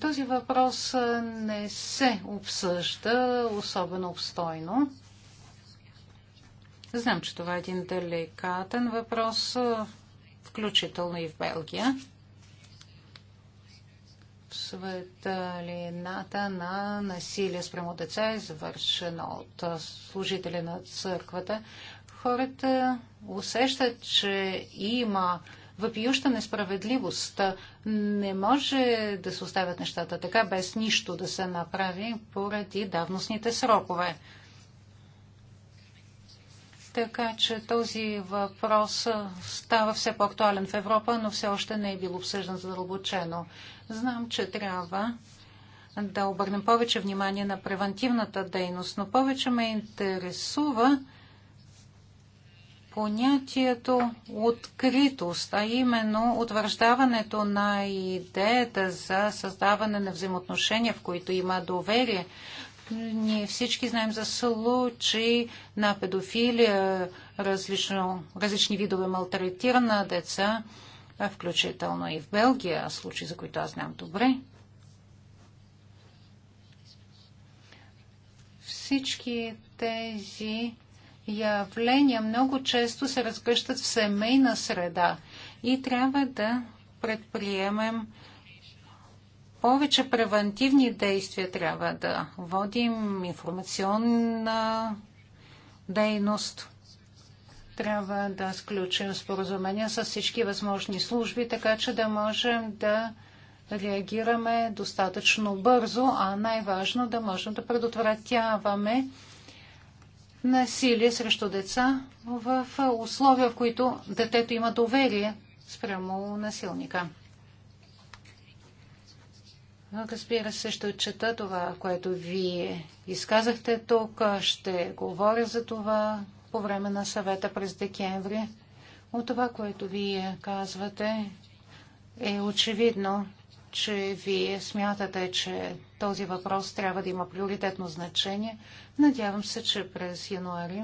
Този въпрос не се обсъжда особено обстойно. Знам, че това е един деликатен въпрос, включително и в Белгия. В светлината на насилие спрямо деца, извършено е от служители на църквата, хората усещат, че има въпиюща несправедливост. Не може да се оставят нещата така, без нищо да се направи поради давностните срокове. Така че този въпрос става все по-актуален в Европа, но все още не е бил обсъждан задълбочено. Знам, че трябва да обърнем повече внимание на превентивната дейност, но повече ме интересува понятието откритост, а именно утвърждаването на идеята за създаване на взаимоотношения, в които има доверие. Ние всички знаем за случаи на педофилия, различно, различни видове малтретирана деца, включително и в Белгия, случаи, за които аз знам добре. Всички тези явления много често се разгръщат в семейна среда и трябва да предприемем повече превентивни действия трябва да водим, информационна дейност. Трябва да сключим споразумения с всички възможни служби, така че да можем да реагираме достатъчно бързо, а най-важно да можем да предотвратяваме насилие срещу деца в условия, в които детето има доверие спрямо насилника. Разбира се, ще отчета това, което вие изказахте тук. Ще говоря за това по време на съвета през декември. От това, което вие казвате, е очевидно, че вие смятате, че този въпрос трябва да има приоритетно значение. Надявам се, че през януари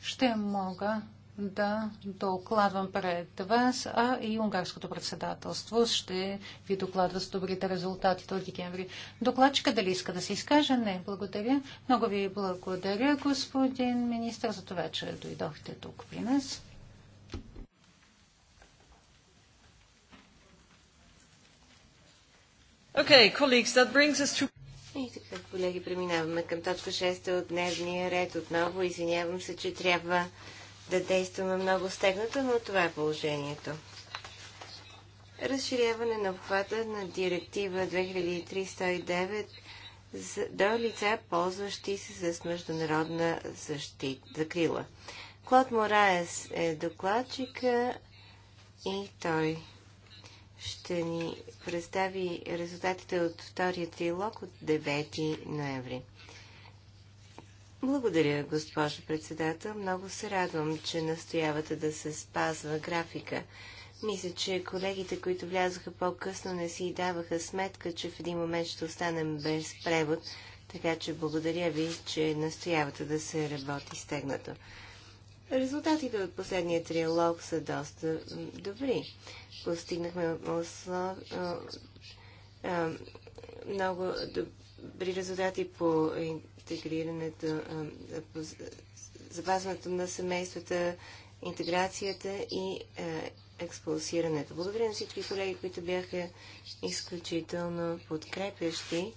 ще мога да докладвам пред вас, а и унгарското председателство ще ви докладва с добрите резултати от декември. Докладчика дали иска да се изкаже? Не, благодаря. Много ви благодаря, господин министр, за това, че дойдохте тук при нас. Okay, colleagues, that brings us to... И така, колеги, преминаваме към точка 6 от дневния ред отново. Извинявам се, че трябва да действаме много стегнато, но това е положението. Разширяване на обхвата на директива 2309 до лица, ползващи се с международна защита, закрила. Клод Мораес е докладчика и той ще ни представи резултатите от втория трилог от 9 ноември. Благодаря, госпожо председател. Много се радвам, че настоявате да се спазва графика. Мисля, че колегите, които влязоха по-късно, не си даваха сметка, че в един момент ще останем без превод, така че благодаря ви, че настоявате да се работи стегнато. Резултатите от последния триалог са доста добри. Постигнахме услов... много добри резултати по интегрирането, запазването на семействата, интеграцията и експулсирането. Благодаря на всички колеги, които бяха изключително подкрепящи.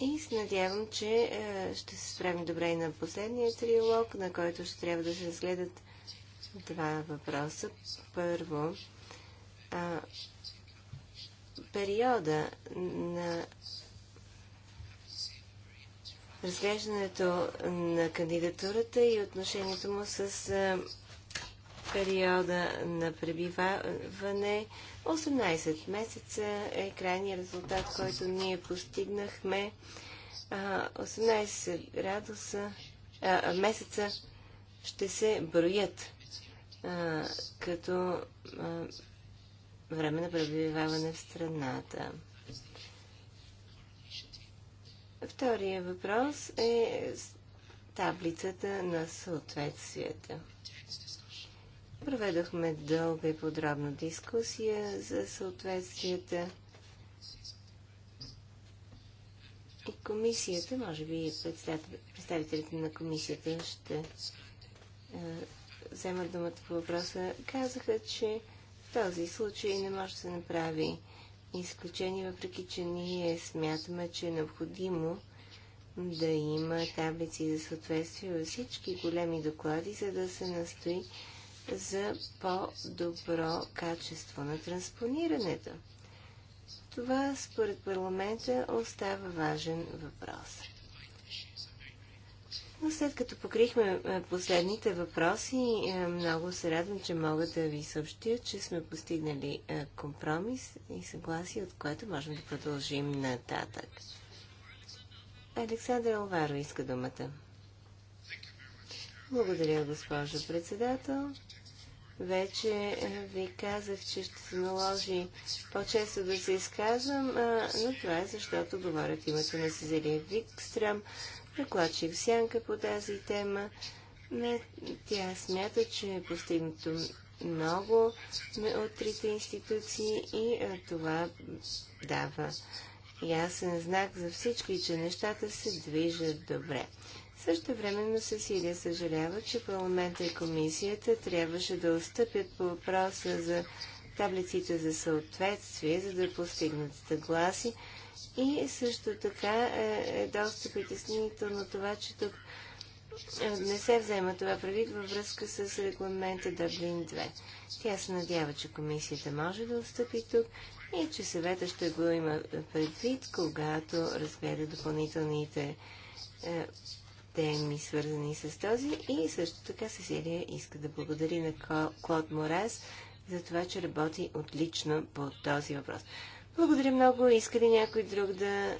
И се надявам, че ще се справим добре и на последния триалог, на който ще трябва да се разгледат два въпроса. Първо, периода на разглеждането на кандидатурата и отношението му с периода на пребиваване. 18 месеца е крайният резултат, който ние постигнахме. 18 радоса, а, месеца ще се броят а, като а, време на пребиваване в страната. Втория въпрос е таблицата на съответствията. Проведохме дълга и подробна дискусия за съответствията. И комисията, може би представителите на комисията ще е, вземат думата по въпроса, казаха, че в този случай не може да се направи изключение, въпреки че ние смятаме, че е необходимо да има таблици за съответствие във всички големи доклади, за да се настои за по-добро качество на транспонирането. Това според парламента остава важен въпрос. Но след като покрихме е, последните въпроси, е, много се радвам, че мога да ви съобщя, че сме постигнали е, компромис и съгласие, от което можем да продължим нататък. Александър Алваро иска думата. Благодаря, госпожо председател. Вече ви казах, че ще се наложи по-често да се изказвам, но това е защото говорят името на Сезелия Викстрам докладчик Сянка по тази тема. Тя смята, че е постигнато много от трите институции и това дава ясен знак за всички, че нещата се движат добре. Също времено Сесилия съжалява, че парламента и комисията трябваше да отстъпят по въпроса за таблиците за съответствие, за да постигнат съгласи и също така е, е доста притеснително това, че тук е, не се взема това предвид във връзка с регламента Дъблин 2. Тя се надява, че комисията може да отстъпи тук и че съвета ще го има е, предвид, когато разгледа допълнителните е, теми, свързани с този. И също така Сесилия иска да благодари на Клод Морас за това, че работи отлично по този въпрос. Благодаря много. Иска ли някой друг да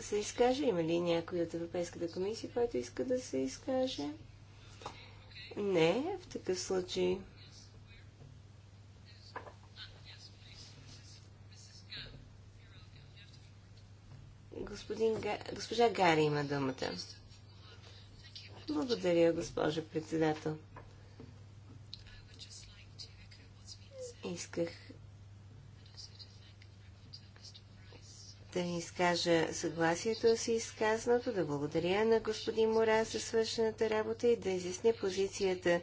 се изкаже? Има ли някой от Европейската комисия, който иска да се изкаже? Не, в такъв случай. Господин Га... Госпожа Гари има думата. Благодаря, госпожа председател. Исках да изкажа съгласието си изказаното, да благодаря на господин Мора за свършената работа и да изясня позицията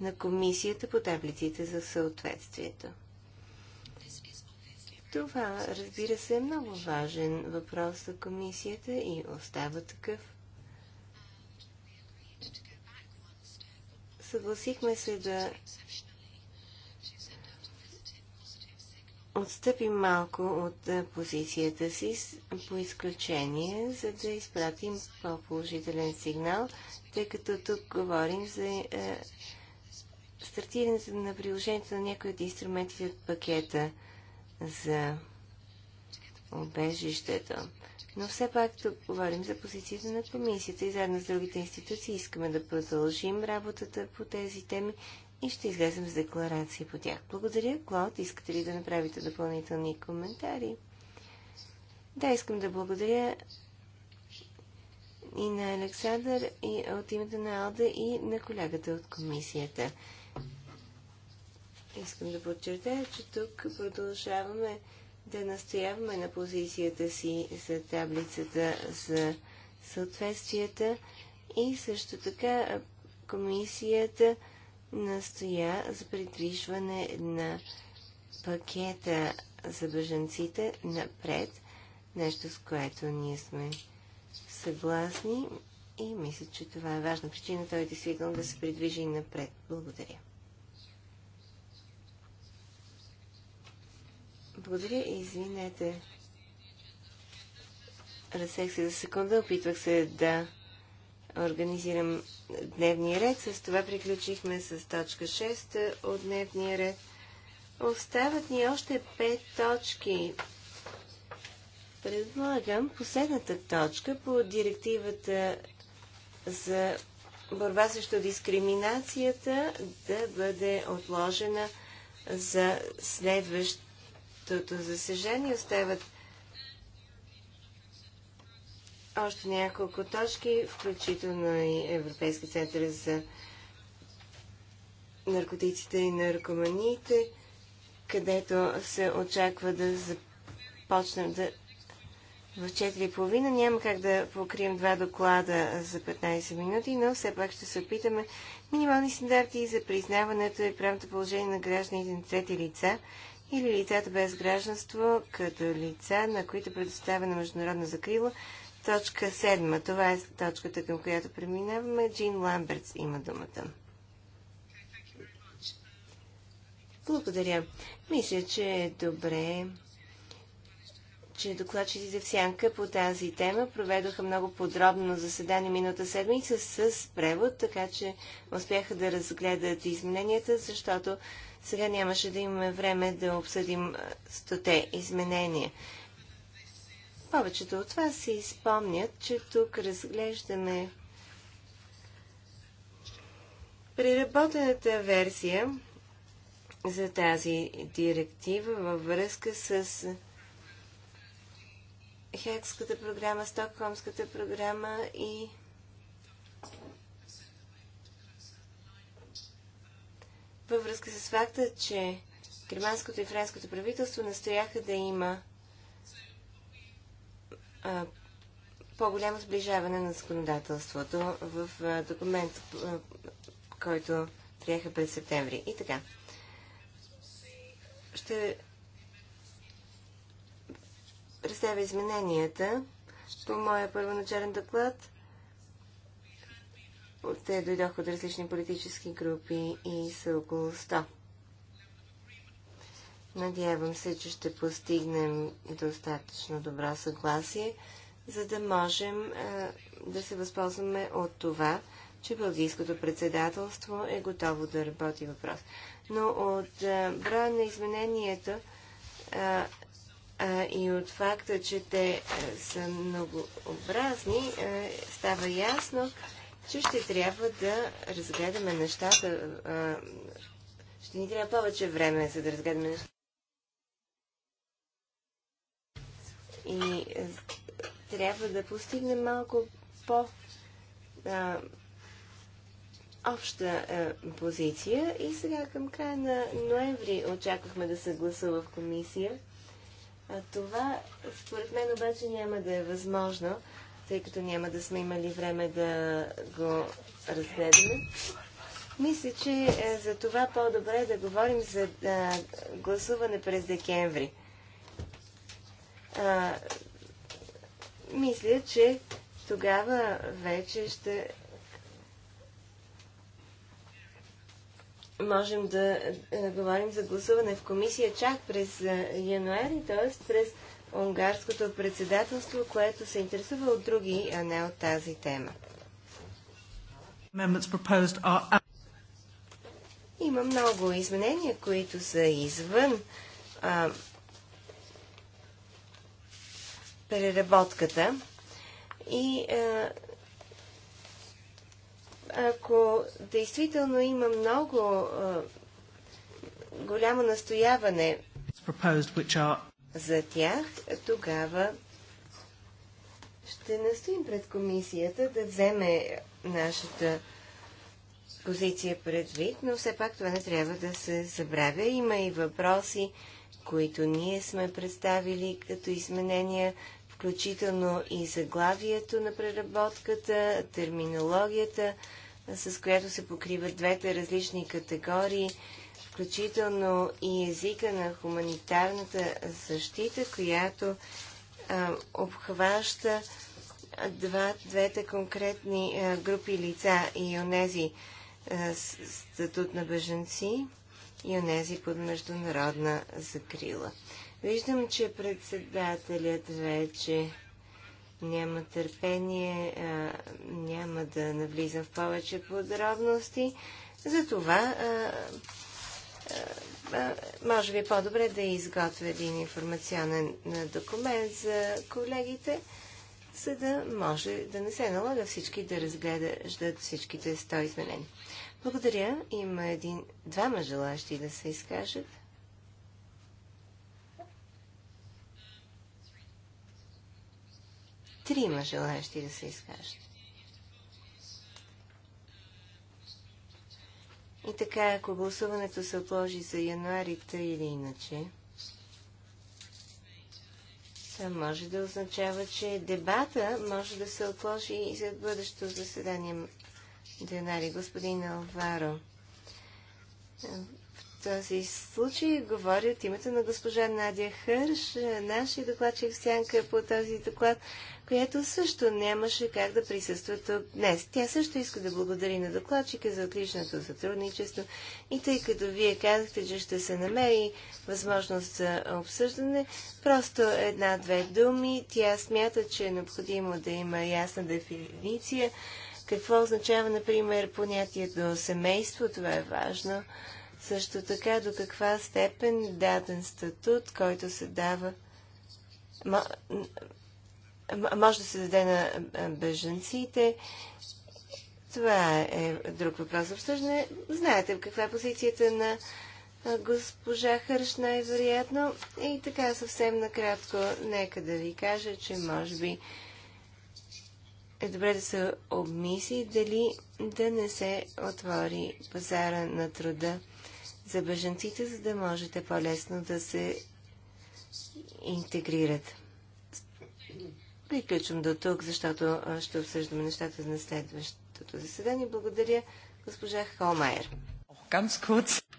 на комисията по таблиците за съответствието. Това, разбира се, е много важен въпрос за комисията и остава такъв. Съгласихме се да отстъпим малко от позицията си по изключение, за да изпратим по-положителен сигнал, тъй като тук говорим за е, стартирането на приложението на някои от инструментите от пакета за обежището. Но все пак тук говорим за позицията на комисията и заедно с другите институции искаме да продължим работата по тези теми и ще излезем с декларации по тях. Благодаря, Клод. Искате ли да направите допълнителни коментари? Да, искам да благодаря и на Александър и от името на Алда и на колегата от комисията. Искам да подчертая, че тук продължаваме да настояваме на позицията си за таблицата за съответствията и също така комисията настоя за придвижване на пакета за бъженците напред, нещо с което ние сме съгласни и мисля, че това е важна причина той действително да се придвижи и напред. Благодаря. Благодаря и извинете. Разсех се за секунда, опитвах се да организирам дневния ред. С това приключихме с точка 6 от дневния ред. Остават ни още 5 точки. Предлагам последната точка по директивата за борба срещу дискриминацията да бъде отложена за следващото засежение. Остават още няколко точки, включително и Европейски център за наркотиците и наркоманиите, където се очаква да започнем да в 4.30. Няма как да покрием два доклада за 15 минути, но все пак ще се опитаме минимални стандарти за признаването и правното положение на гражданите на трети лица или лицата без гражданство като лица, на които е предоставена международна закрила, Точка 7. Това е точката, към която преминаваме. Джин Ламбертс има думата. Благодаря. Мисля, че е добре, че докладчиците в Сянка по тази тема проведоха много подробно заседание миналата седмица с превод, така че успяха да разгледат измененията, защото сега нямаше да имаме време да обсъдим стоте изменения. Повечето от вас си изпомнят, че тук разглеждаме преработената версия за тази директива във връзка с Хекската програма, Стокхолмската програма и във връзка с факта, че германското и френското правителство настояха да има по-голямо сближаване на законодателството в документ, който приеха през септември. И така. Ще представя измененията по моя първоначален доклад. Те дойдоха от различни политически групи и са около 100. Надявам се, че ще постигнем достатъчно добро съгласие, за да можем а, е, да се възползваме от това, че Бългийското председателство е готово да работи въпрос. Но от а, е, броя на изменението а, а, е, и от факта, че те а, са многообразни, а, става ясно, че ще трябва да разгледаме нещата. А, ще ни трябва повече време, за да разгледаме нещата. И е, трябва да постигнем малко по обща е, позиция. И сега към края на ноември очаквахме да се гласува в комисия. А това, според мен, обаче няма да е възможно, тъй като няма да сме имали време да го разгледаме. Мисля, че е, за това по-добре да говорим за да, гласуване през декември а, мисля, че тогава вече ще можем да е, говорим за гласуване в комисия чак през е, януари, т.е. през унгарското председателство, което се интересува от други, а не от тази тема. Има много изменения, които са извън а, преработката. И а, е, ако действително има много а, е, голямо настояване за тях, тогава ще настоим пред комисията да вземе нашата позиция предвид, но все пак това не трябва да се забравя. Има и въпроси, които ние сме представили като изменения включително и заглавието на преработката, терминологията, с която се покриват двете различни категории, включително и езика на хуманитарната защита, която а, обхваща два, двете конкретни а, групи лица и онези статут на беженци и онези под международна закрила. Виждам, че председателят вече няма търпение, а, няма да навлизам в повече подробности. Затова, а, а, може би е по-добре да изготвя един информационен документ за колегите, за да може да не се налага всички да разглеждат всичките 100 изменения. Благодаря. Има един, двама желащи да се изкажат. трима желаящи да се изкажат. И така, ако гласуването се отложи за януарите или иначе, това може да означава, че дебата може да се отложи и за бъдещото заседание до януари. Господин Алваро, в този случай говори от името на госпожа Надя Хърш, нашия докладчик в сянка по този доклад която също нямаше как да присъства тук днес. Тя също иска да благодари на докладчика за отличното сътрудничество и тъй като вие казахте, че ще се намери възможност за обсъждане, просто една-две думи. Тя смята, че е необходимо да има ясна дефиниция. Какво означава, например, понятието семейство? Това е важно. Също така, до каква степен даден статут, който се дава може да се даде на бежанците. Това е друг въпрос за обсъждане. Знаете каква е позицията на госпожа Хърш най-вероятно. И така съвсем накратко, нека да ви кажа, че може би е добре да се обмисли дали да не се отвори пазара на труда за бежанците, за да можете по-лесно да се интегрират. Приключвам до тук, защото ще обсъждаме нещата на следващото заседание. Благодаря, госпожа Холмайер.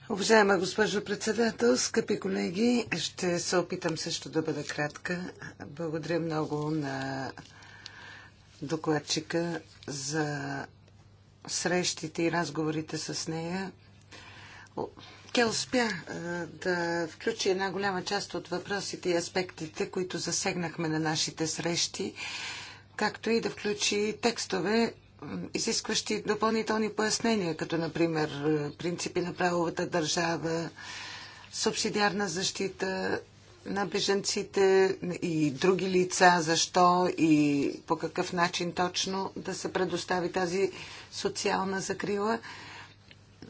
Уважаема госпожо председател, скъпи колеги, ще се опитам също да бъда кратка. Благодаря много на докладчика за срещите и разговорите с нея. Тя успя да включи една голяма част от въпросите и аспектите, които засегнахме на нашите срещи, както и да включи текстове, изискващи допълнителни пояснения, като например принципи на правовата държава, субсидиарна защита на беженците и други лица, защо и по какъв начин точно да се предостави тази социална закрила.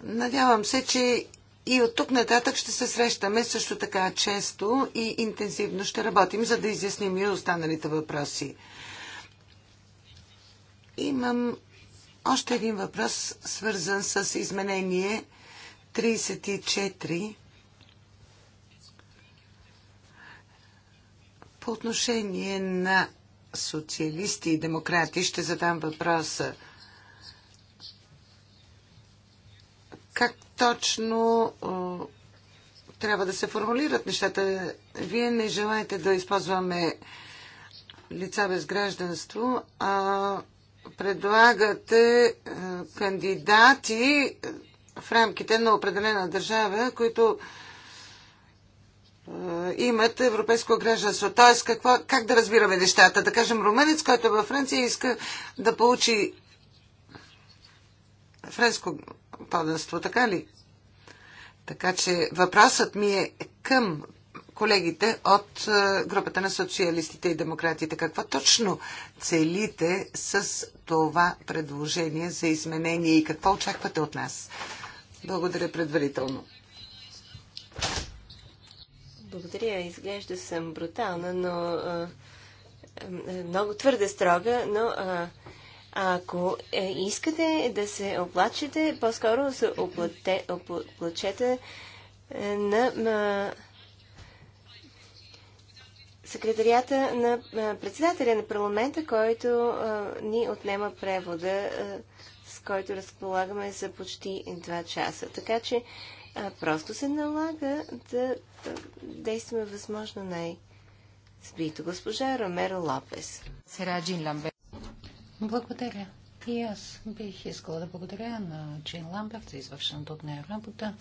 Надявам се, че и от тук нататък ще се срещаме също така често и интензивно ще работим, за да изясним и останалите въпроси. Имам още един въпрос, свързан с изменение 34 по отношение на социалисти и демократи ще задам въпроса. Как точно трябва да се формулират нещата. Вие не желаете да използваме лица без гражданство, а предлагате кандидати в рамките на определена държава, които имат европейско гражданство. Т.е. Какво, как да разбираме нещата? Да кажем, румънец, който е във Франция иска да получи френско поденство, така ли? Така че въпросът ми е към колегите от е, групата на социалистите и демократите. Какво точно целите с това предложение за изменение и какво очаквате от нас? Благодаря предварително. Благодаря. Изглежда съм брутална, но а, е, е, много твърде строга, но а, ако е, искате да се оплачете, по-скоро се оплате, оплачете е, на, ма, секретарията на, ма, председателя на парламента, който е, ни отнема превода, е, с който разполагаме за почти 2 часа. Така че е, просто се налага да а, действаме възможно най-сбито. Госпожа Ромеро Лопес. Сераджин Ламбер. Благодаря. И аз бих искала да благодаря на Джин Ламберт за извършената от нея работа.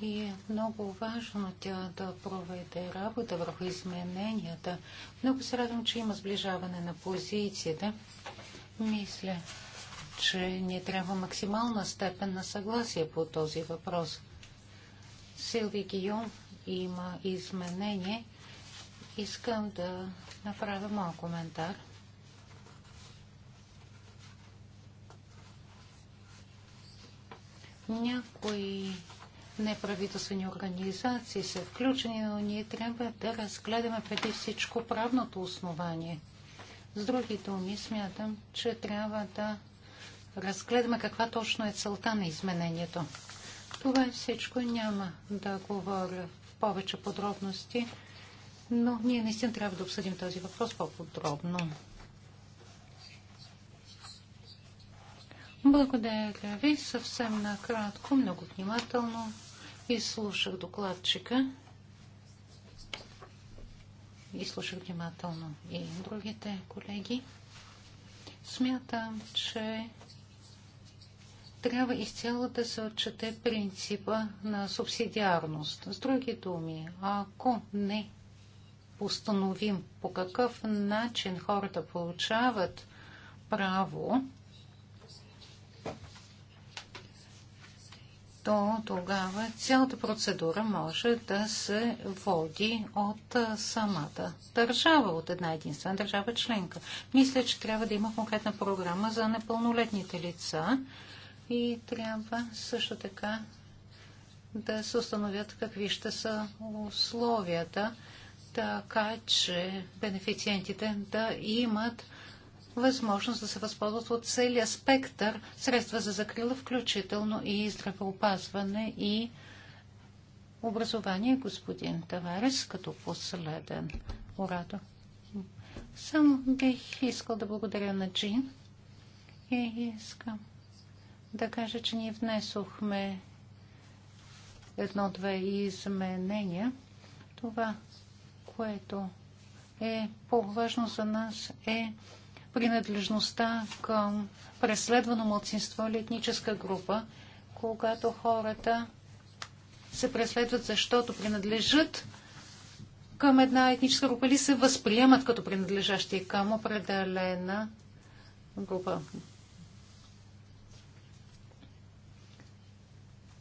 И е много важно тя да проведе работа върху измененията. Много се радвам, че има сближаване на позициите. Мисля, че ни трябва максимална степен на съгласие по този въпрос. Силви Гион има изменение – Искам да направя малко коментар. Някои неправителствени организации са включени, но ние трябва да разгледаме преди всичко правното основание. С други думи, смятам, че трябва да разгледаме каква точно е целта на изменението. Това е всичко. Няма да говоря в повече подробности но ние наистина трябва да обсъдим този въпрос по-подробно. Благодаря ви. Съвсем накратко, много внимателно изслушах докладчика. Изслушах внимателно и другите колеги. Смятам, че трябва изцяло да се отчете принципа на субсидиарност. С други думи, ако не установим по какъв начин хората получават право, то тогава цялата процедура може да се води от самата държава, от една единствена държава членка. Мисля, че трябва да има конкретна програма за непълнолетните лица и трябва също така да се установят какви ще са условията така че бенефициентите да имат възможност да се възползват от целия спектър средства за закрила, включително и здравеопазване и образование, господин Таварес, като последен оратор. Само бих искал да благодаря на Джин и искам да кажа, че ние внесохме едно-две изменения. Това което е по-важно за нас, е принадлежността към преследвано младсинство или етническа група, когато хората се преследват, защото принадлежат към една етническа група или се възприемат като принадлежащи към определена група.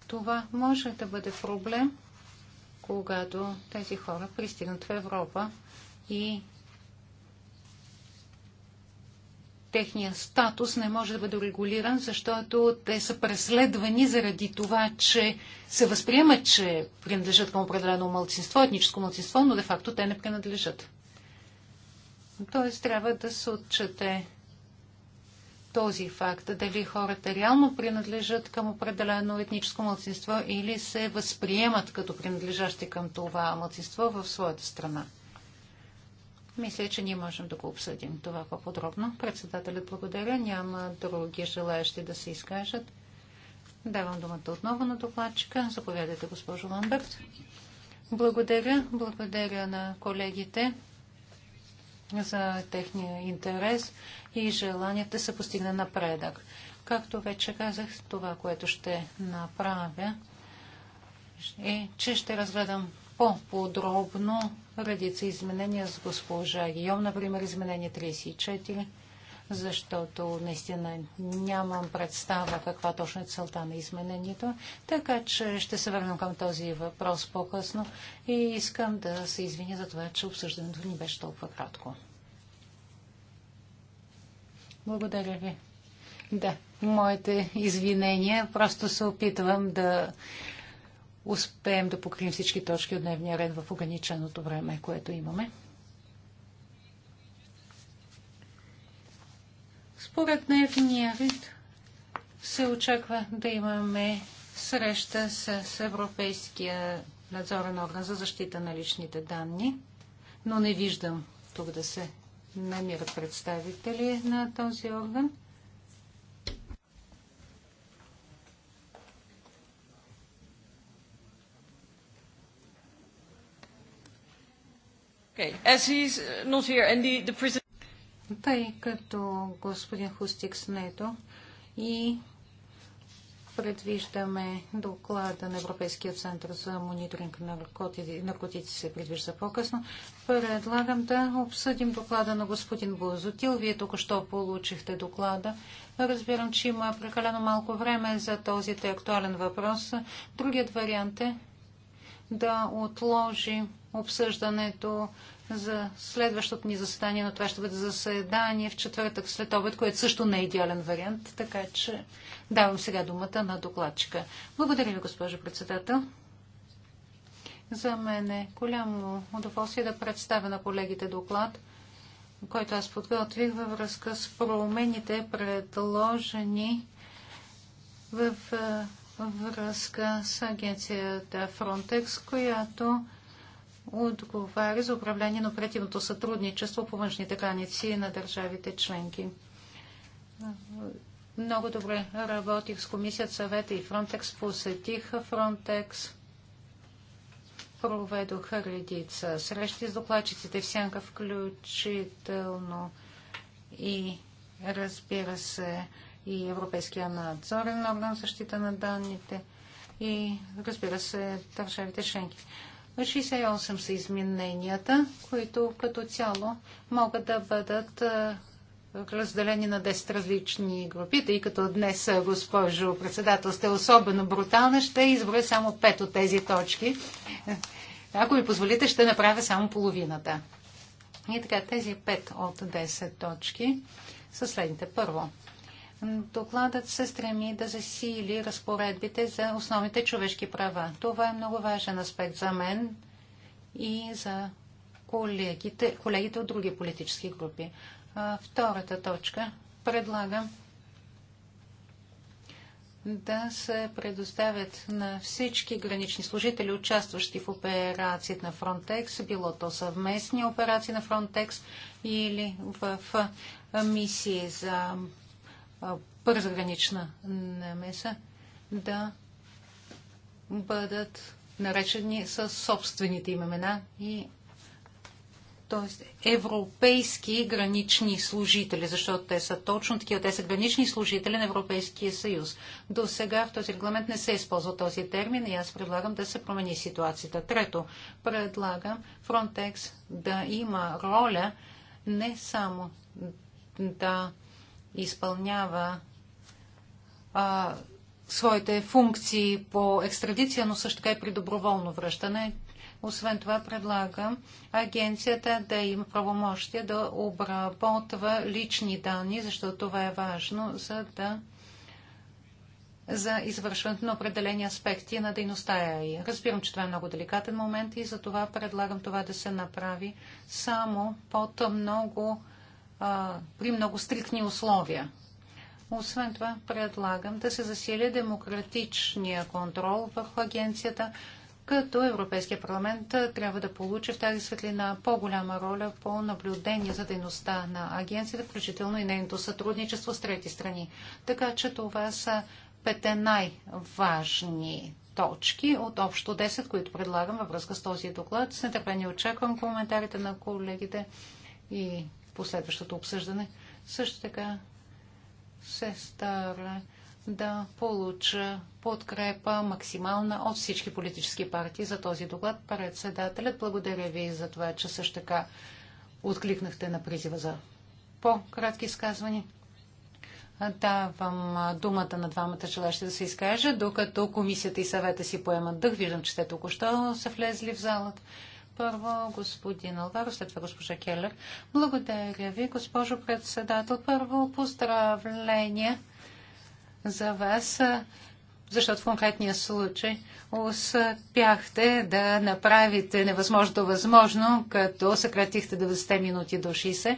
Това може да бъде проблем когато тези хора пристигнат в Европа и техния статус не може да бъде регулиран, защото те са преследвани заради това, че се възприемат, че принадлежат към определено малцинство, етническо малцинство, но де-факто те не принадлежат. Тоест трябва да се отчете този факт, дали хората реално принадлежат към определено етническо младсинство или се възприемат като принадлежащи към това младсинство в своята страна. Мисля, че ние можем да го обсъдим това по-подробно. Председателят благодаря. Няма други желаящи да се изкажат. Давам думата отново на докладчика. Заповядайте, госпожо Ламберт. Благодаря. Благодаря на колегите за техния интерес и желание да се постигне напредък. Както вече казах, това, което ще направя, е, че ще разгледам по-подробно редица изменения с госпожа Гиом, например изменение 34, защото наистина нямам представа каква точно е целта на изменението, така че ще се върнем към този въпрос по-късно и искам да се извиня за това, че обсъждането ни беше толкова кратко. Благодаря ви. Да, моите извинения. Просто се опитвам да успеем да покрием всички точки от дневния ред в ограниченото време, което имаме. Според дневния вид се очаква да имаме среща с Европейския надзорен орган за защита на личните данни, но не виждам тук да се намират представители на този орган. Okay. As he's not here and the, the president тъй като господин Хустикс не е и предвиждаме доклада на Европейския център за мониторинг на наркотици се предвижда по-късно. Предлагам да обсъдим доклада на господин Бозотил. Вие тук що получихте доклада. Разбирам, че има прекалено малко време за този актуален въпрос. Другият вариант е да отложим обсъждането за следващото ни заседание, но това ще бъде заседание в четвъртък след обед, което също не е идеален вариант, така че давам сега думата на докладчика. Благодаря ви, госпожо председател. За мен е голямо удоволствие да представя на колегите доклад, който аз подготвих във връзка с промените, предложени в връзка с агенцията Frontex, която отговаря за управление на оперативното сътрудничество по външните граници на държавите членки. Много добре работих с комисията, съвета и Фронтекс, посетих Фронтекс, проведох редица срещи с докладчиците в сянка, включително и разбира се и Европейския надзорен орган защита на данните и разбира се държавите членки. 68 са измененията, които като цяло могат да бъдат разделени на 10 различни групи, тъй като днес, госпожо председател, сте особено брутална, ще изброя само 5 от тези точки. Ако ми позволите, ще направя само половината. И така, тези 5 от 10 точки са следните. Първо, Докладът се стреми да засили разпоредбите за основните човешки права. Това е много важен аспект за мен и за колегите, колегите от други политически групи. Втората точка предлагам да се предоставят на всички гранични служители, участващи в операциите на Frontex, било то съвместни операции на Frontex или в мисии за презгранична намеса да бъдат наречени със собствените им имена и т.е. европейски гранични служители, защото те са точно такива. Те са гранични служители на Европейския съюз. До сега в този регламент не се използва този термин и аз предлагам да се промени ситуацията. Трето, предлагам Frontex да има роля не само да изпълнява а, своите функции по екстрадиция, но също така и при доброволно връщане. Освен това предлагам агенцията да има правомощие да обработва лични данни, защото това е важно, за да за извършването на определени аспекти на дейността и Разбирам, че това е много деликатен момент и за това предлагам това да се направи само под много а, при много стрикни условия. Освен това, предлагам да се засили демократичния контрол върху агенцията, като Европейския парламент трябва да получи в тази светлина по-голяма роля по наблюдение за дейността на агенцията, включително и нейното сътрудничество с трети страни. Така че това са пете най-важни точки от общо 10, които предлагам във връзка с този доклад. С нетърпение очаквам коментарите на колегите и последващото обсъждане. Също така се стара да получа подкрепа максимална от всички политически партии за този доклад. Председателят, благодаря ви за това, че също така откликнахте на призива за по-кратки изказвания. Давам думата на двамата желащи да се изкажат, докато комисията и съвета си поемат дъх. Виждам, че те току-що са влезли в залата. Първо господин Алвар, след това госпожа Келер. Благодаря ви, госпожо председател. Първо поздравление за вас, защото в конкретния случай успяхте да направите невъзможно възможно, като съкратихте 90 минути до 60.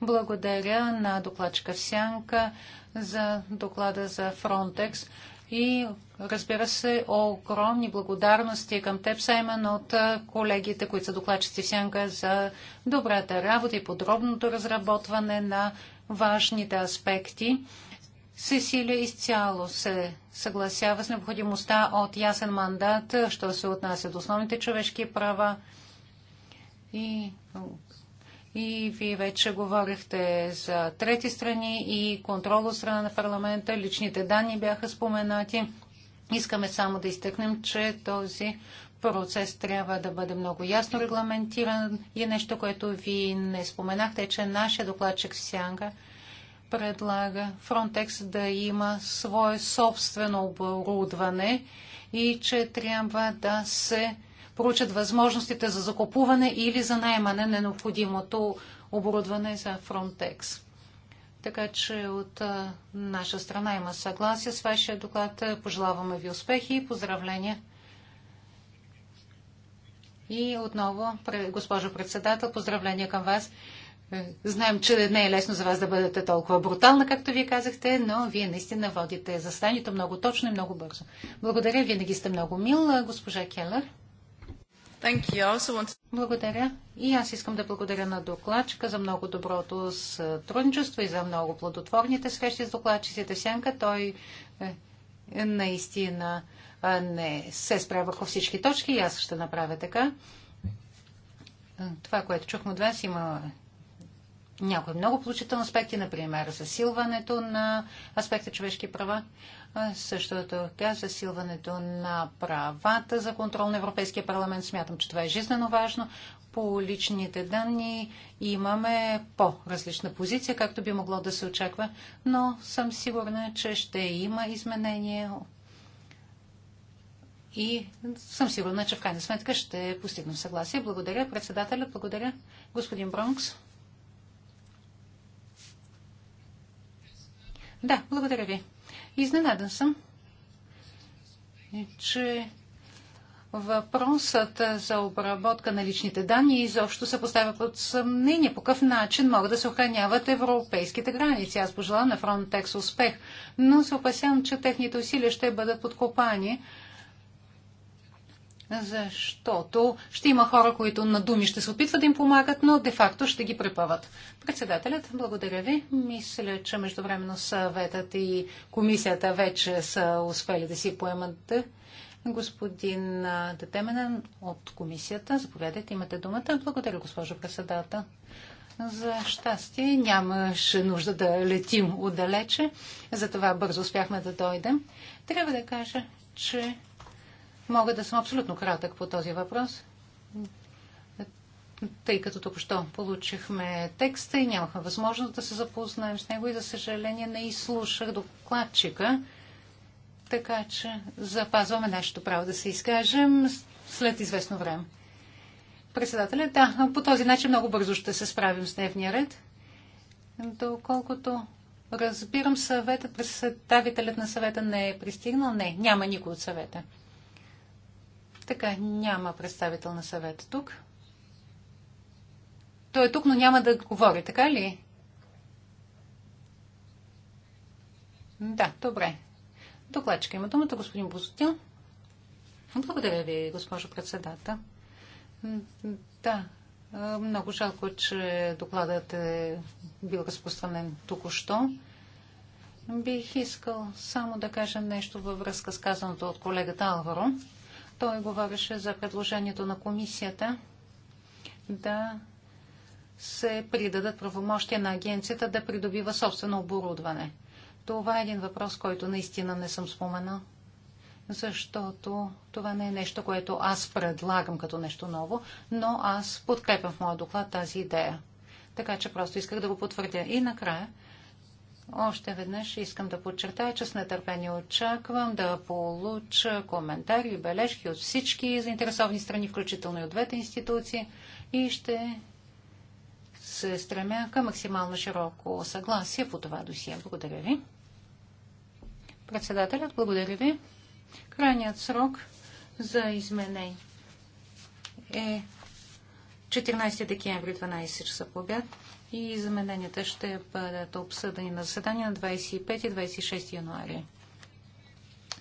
Благодаря на докладчика Сянка за доклада за Фронтекс. И разбира се, огромни благодарности към теб, Саймън, от колегите, които са докладчици в Сянка за добрата работа и подробното разработване на важните аспекти. Сесилия изцяло се съгласява с необходимостта от ясен мандат, що се отнася до основните човешки права. И и вие вече говорихте за трети страни и контрол от страна на парламента. Личните данни бяха споменати. Искаме само да изтъкнем, че този процес трябва да бъде много ясно регламентиран. И нещо, което ви не споменахте, е, че нашия докладчик Сянга предлага Frontex да има свое собствено оборудване и че трябва да се проучат възможностите за закупуване или за найемане на необходимото оборудване за Frontex. Така че от наша страна има съгласие с вашия доклад. Пожелаваме ви успехи и поздравления. И отново, госпожо председател, поздравления към вас. Е, знаем, че не е лесно за вас да бъдете толкова брутална, както вие казахте, но вие наистина водите застанието много точно и много бързо. Благодаря, винаги сте много мил, госпожа Келър. Благодаря. И аз искам да благодаря на докладчика за много доброто сътрудничество и за много плодотворните срещи с докладчиците Сянка. Той е, е наистина е, не се справя върху всички точки и аз ще направя така. Е, това, което чухме от вас, има някои много получителни аспекти, например засилването на аспекта човешки права. Също така засилването на правата за контрол на Европейския парламент. Смятам, че това е жизненно важно. По личните данни имаме по-различна позиция, както би могло да се очаква, но съм сигурна, че ще има изменения и съм сигурна, че в крайна сметка ще постигнем съгласие. Благодаря, председателя, благодаря, господин Бронкс. Да, благодаря ви. Изненадан съм, че въпросът за обработка на личните данни изобщо се поставя под съмнение. По какъв начин могат да се охраняват европейските граници? Аз пожелавам на Frontex успех, но се опасявам, че техните усилия ще бъдат подкопани защото ще има хора, които на думи ще се опитват да им помагат, но де-факто ще ги препъват. Председателят, благодаря ви. Мисля, че междувременно съветът и комисията вече са успели да си поемат господин Детеменен от комисията. Заповядайте, имате думата. Благодаря, госпожо председател. За щастие нямаше нужда да летим отдалече, затова бързо успяхме да дойдем. Трябва да кажа, че Мога да съм абсолютно кратък по този въпрос, тъй като току-що получихме текста и нямахме възможност да се запознаем с него и, за съжаление, не изслушах докладчика, така че запазваме нашето право да се изкажем след известно време. Председателя, да, по този начин много бързо ще се справим с дневния ред. Доколкото разбирам, съветът, представителят на съвета не е пристигнал. Не, няма никой от съвета. Така, няма представител на съвет тук. Той е тук, но няма да говори, така ли? Да, добре. Докладчика има думата, господин Бузотил. Благодаря ви, госпожо председател. Да, много жалко, че докладът е бил разпространен току-що. Бих искал само да кажа нещо във връзка с казаното от колегата Алваро. Той говореше за предложението на комисията да се придадат правомощия на агенцията да придобива собствено оборудване. Това е един въпрос, който наистина не съм споменал, защото това не е нещо, което аз предлагам като нещо ново, но аз подкрепям в моя доклад тази идея. Така че просто исках да го потвърдя. И накрая още веднъж искам да подчертая, че с нетърпение очаквам да получа коментари и бележки от всички заинтересовани страни, включително и от двете институции и ще се стремя към максимално широко съгласие по това досие. Благодаря ви. Председателят, благодаря ви. Крайният срок за изменение е 14 декември 12 часа по обяд и измененията ще бъдат обсъдени на заседание на 25 и 26 януари.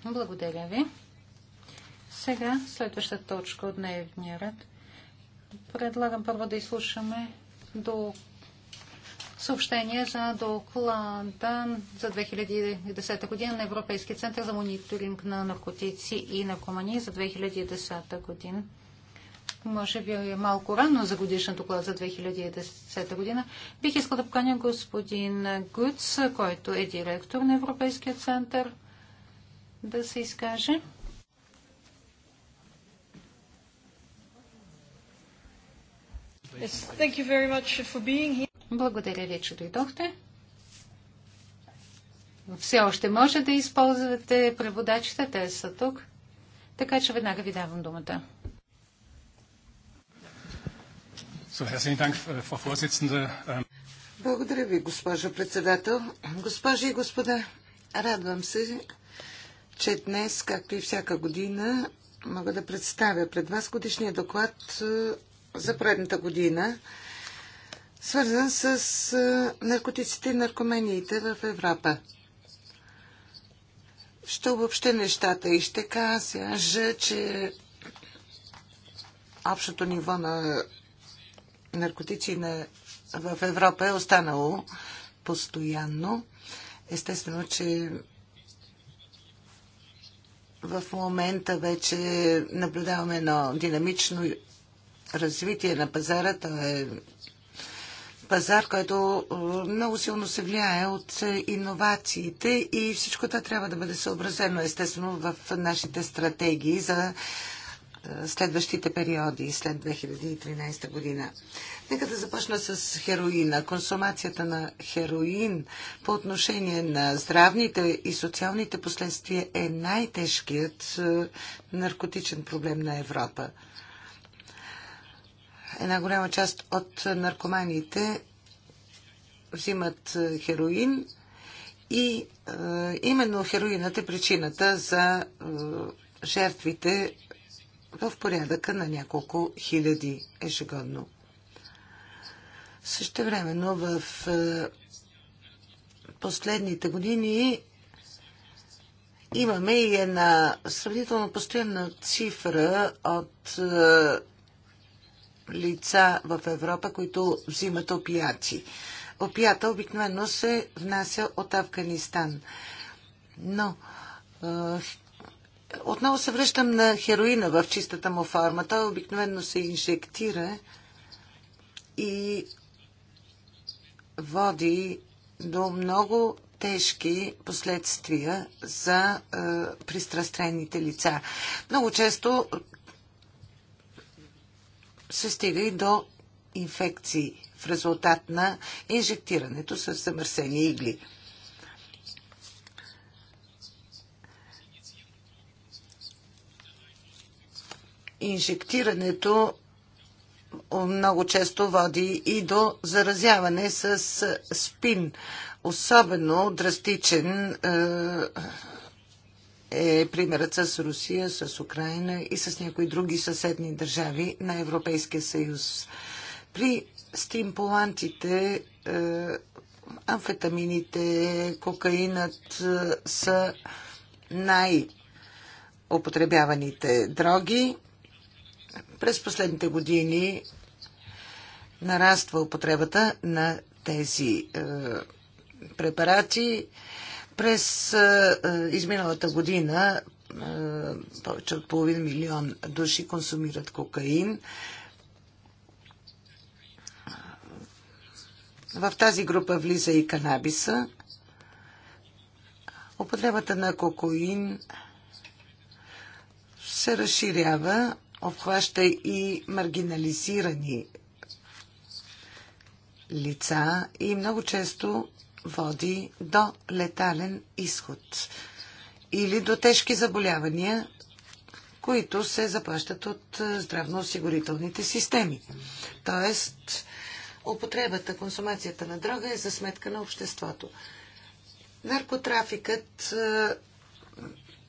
Благодаря ви. Сега следваща точка от дневния ред. Предлагам първо да изслушаме до съобщение за доклада за 2010 година на Европейския център за мониторинг на наркотици и наркомании за 2010 година може би е малко рано за годишна доклад за 2010 година. Бих искал да поканя господин Гуц, който е директор на Европейския център, да се изкаже. Благодаря ви, че дойдохте. Все още може да използвате преводачите, те са тук. Така че веднага ви давам думата. Äh, ähm, Благодаря ви, госпожо председател. Госпожи и господа, радвам се, че днес, както и всяка година, мога да представя пред вас годишния доклад е, за предната година, свързан с е, наркотиците и наркомениите в Европа. Ще обобща нещата и ще кажа, че общото ниво на наркотици на, в Европа е останало постоянно. Естествено, че в момента вече наблюдаваме едно динамично развитие на пазара. Той е пазар, който е, много силно се влияе от иновациите и всичко това трябва да бъде съобразено, естествено, в нашите стратегии за следващите периоди след 2013 година. Нека да започна с хероина. Консумацията на хероин по отношение на здравните и социалните последствия е най-тежкият е, наркотичен проблем на Европа. Една голяма част от наркоманите взимат е, хероин и е, именно хероинът е причината за е, жертвите в порядъка на няколко хиляди ежегодно. времено в е, последните години имаме и една сравнително постоянна цифра от е, лица в Европа, които взимат опияти. Опията обикновено се внася от Афганистан. Но е, отново се връщам на хероина в чистата му форма. Той обикновено се инжектира и води до много тежки последствия за е, пристрастените лица. Много често се стига и до инфекции в резултат на инжектирането с замърсени игли. инжектирането много често води и до заразяване с спин. Особено драстичен е примерът с Русия, с Украина и с някои други съседни държави на Европейския съюз. При стимпулантите, амфетамините, кокаинът са най- употребяваните дроги през последните години нараства употребата на тези е, препарати. През е, е, изминалата година е, повече от половин милион души консумират кокаин. В тази група влиза и канабиса. Употребата на кокаин се разширява обхваща и маргинализирани лица и много често води до летален изход или до тежки заболявания, които се заплащат от здравноосигурителните системи. Тоест, употребата, консумацията на дрога е за сметка на обществото. Наркотрафикът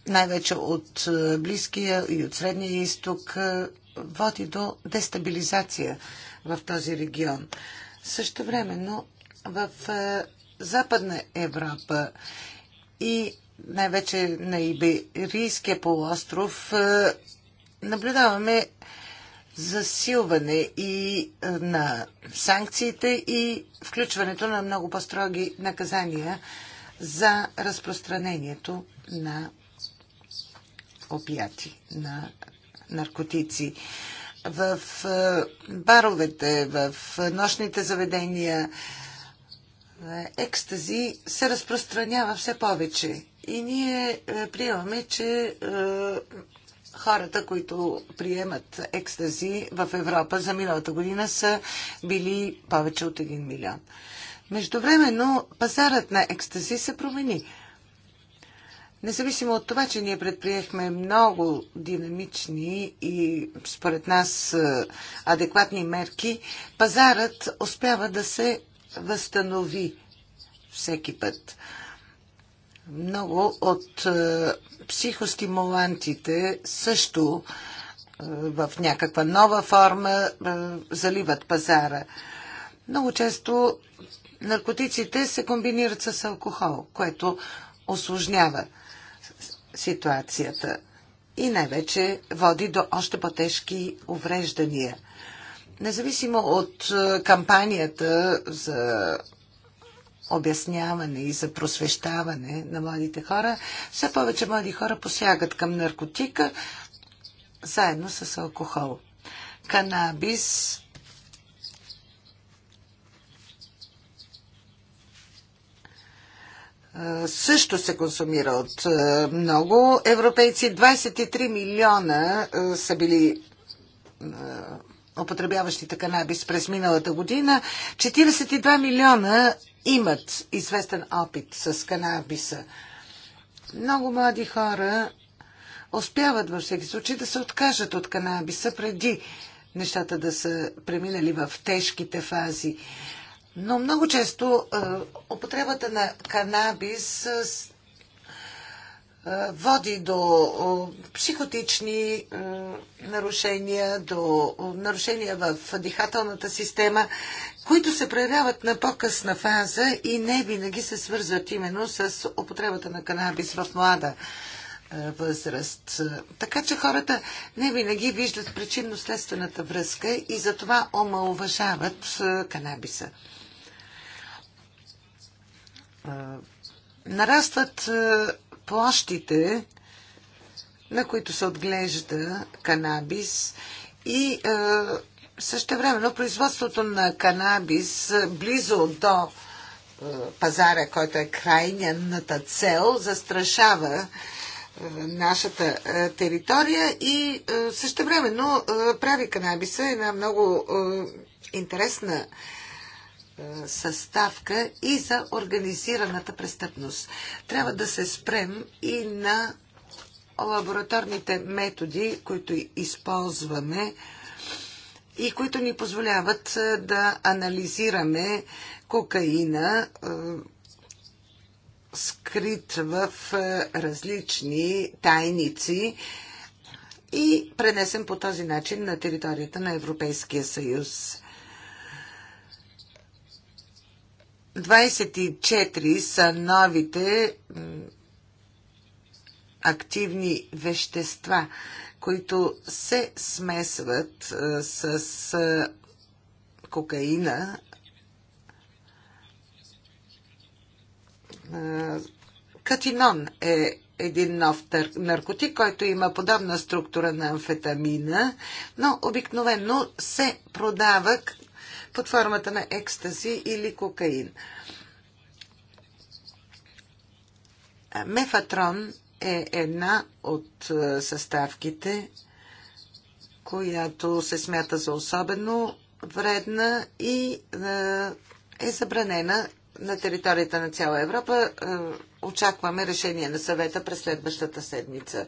най-вече от е, Близкия и от Средния изток, е, води до дестабилизация в този регион. Също но в е, Западна Европа и най-вече на Иберийския полуостров наблюдаваме засилване и на санкциите и включването на много по-строги наказания за разпространението на опияти, на наркотици. В е, баровете, в нощните заведения е, екстази се разпространява все повече. И ние е, приемаме, че хората, които приемат екстази в Европа за миналата година са били повече от 1 милион. Междувременно пазарът на екстази се промени. Независимо от това, че ние предприехме много динамични и според нас е, адекватни мерки, пазарът успява да се възстанови всеки път. Много от е, психостимулантите също е, в някаква нова форма заливат пазара. Много често наркотиците се комбинират с алкохол, което осложнява ситуацията и най-вече води до още по-тежки увреждания. Независимо от е, кампанията за обясняване и за просвещаване на младите хора, все повече млади хора посягат към наркотика заедно с алкохол. Канабис също се консумира от много европейци. 23 милиона са били употребяващите канабис през миналата година. 42 милиона имат известен опит с канабиса. Много млади хора успяват във всеки случай да се откажат от канабиса преди нещата да са преминали в тежките фази. Но много често е, употребата на канабис е, е, води до психотични нарушения, до нарушения в дихателната система, които се проявяват на по-късна фаза и не винаги се свързват именно с употребата на канабис в млада възраст. Така че хората не винаги виждат причинно-следствената връзка и затова омалуважават канабиса нарастват площите, на които се отглежда канабис и също времено производството на канабис близо до пазара, който е крайната цел, застрашава нашата територия и също времено прави канабиса една много интересна е, съставка и за организираната престъпност. Трябва да се спрем и на лабораторните методи, които използваме и които ни позволяват е, да анализираме кокаина, е, скрит в различни тайници и пренесен по този начин на територията на Европейския съюз. 24 са новите активни вещества, които се смесват с кокаина. Катинон е един нов наркотик, който има подобна структура на амфетамина, но обикновено се продава под формата на екстази или кокаин. Мефатрон е една от е, съставките, която се смята за особено вредна и е, е забранена на територията на цяла Европа. Е, очакваме решение на съвета през следващата седмица.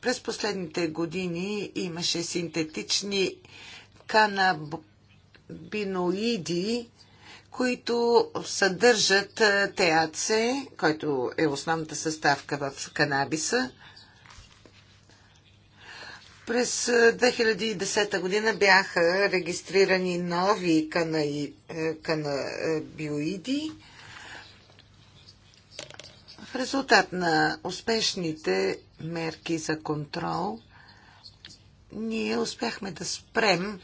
През последните години имаше синтетични канабиноиди, които съдържат е, ТАЦ, който е основната съставка в канабиса. През 2010 е, година бяха регистрирани нови е, канабиоиди. В резултат на успешните мерки за контрол – ние успяхме да спрем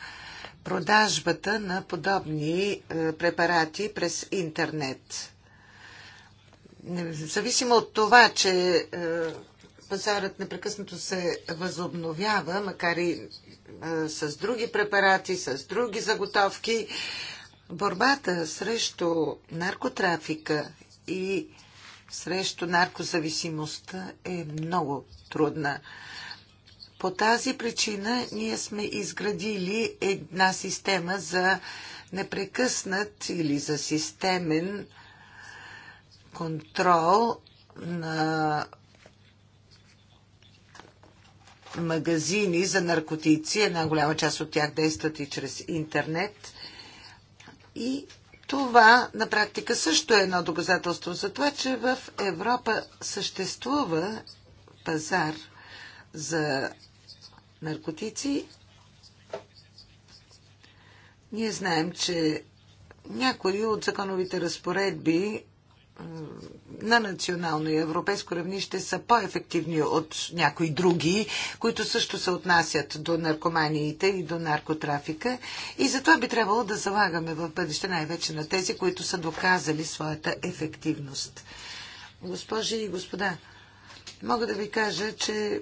продажбата на подобни е, препарати през интернет. Зависимо от това, че е, пазарът непрекъснато се възобновява, макар и е, с други препарати, с други заготовки, борбата срещу наркотрафика и срещу наркозависимостта е много трудна. По тази причина ние сме изградили една система за непрекъснат или за системен контрол на магазини за наркотици. Една голяма част от тях действат и чрез интернет. И това на практика също е едно доказателство за това, че в Европа съществува пазар – за наркотици. Ние знаем, че някои от законовите разпоредби на национално и европейско равнище са по-ефективни от някои други, които също се отнасят до наркоманиите и до наркотрафика. И затова би трябвало да залагаме в бъдеще най-вече на тези, които са доказали своята ефективност. Госпожи и господа, мога да ви кажа, че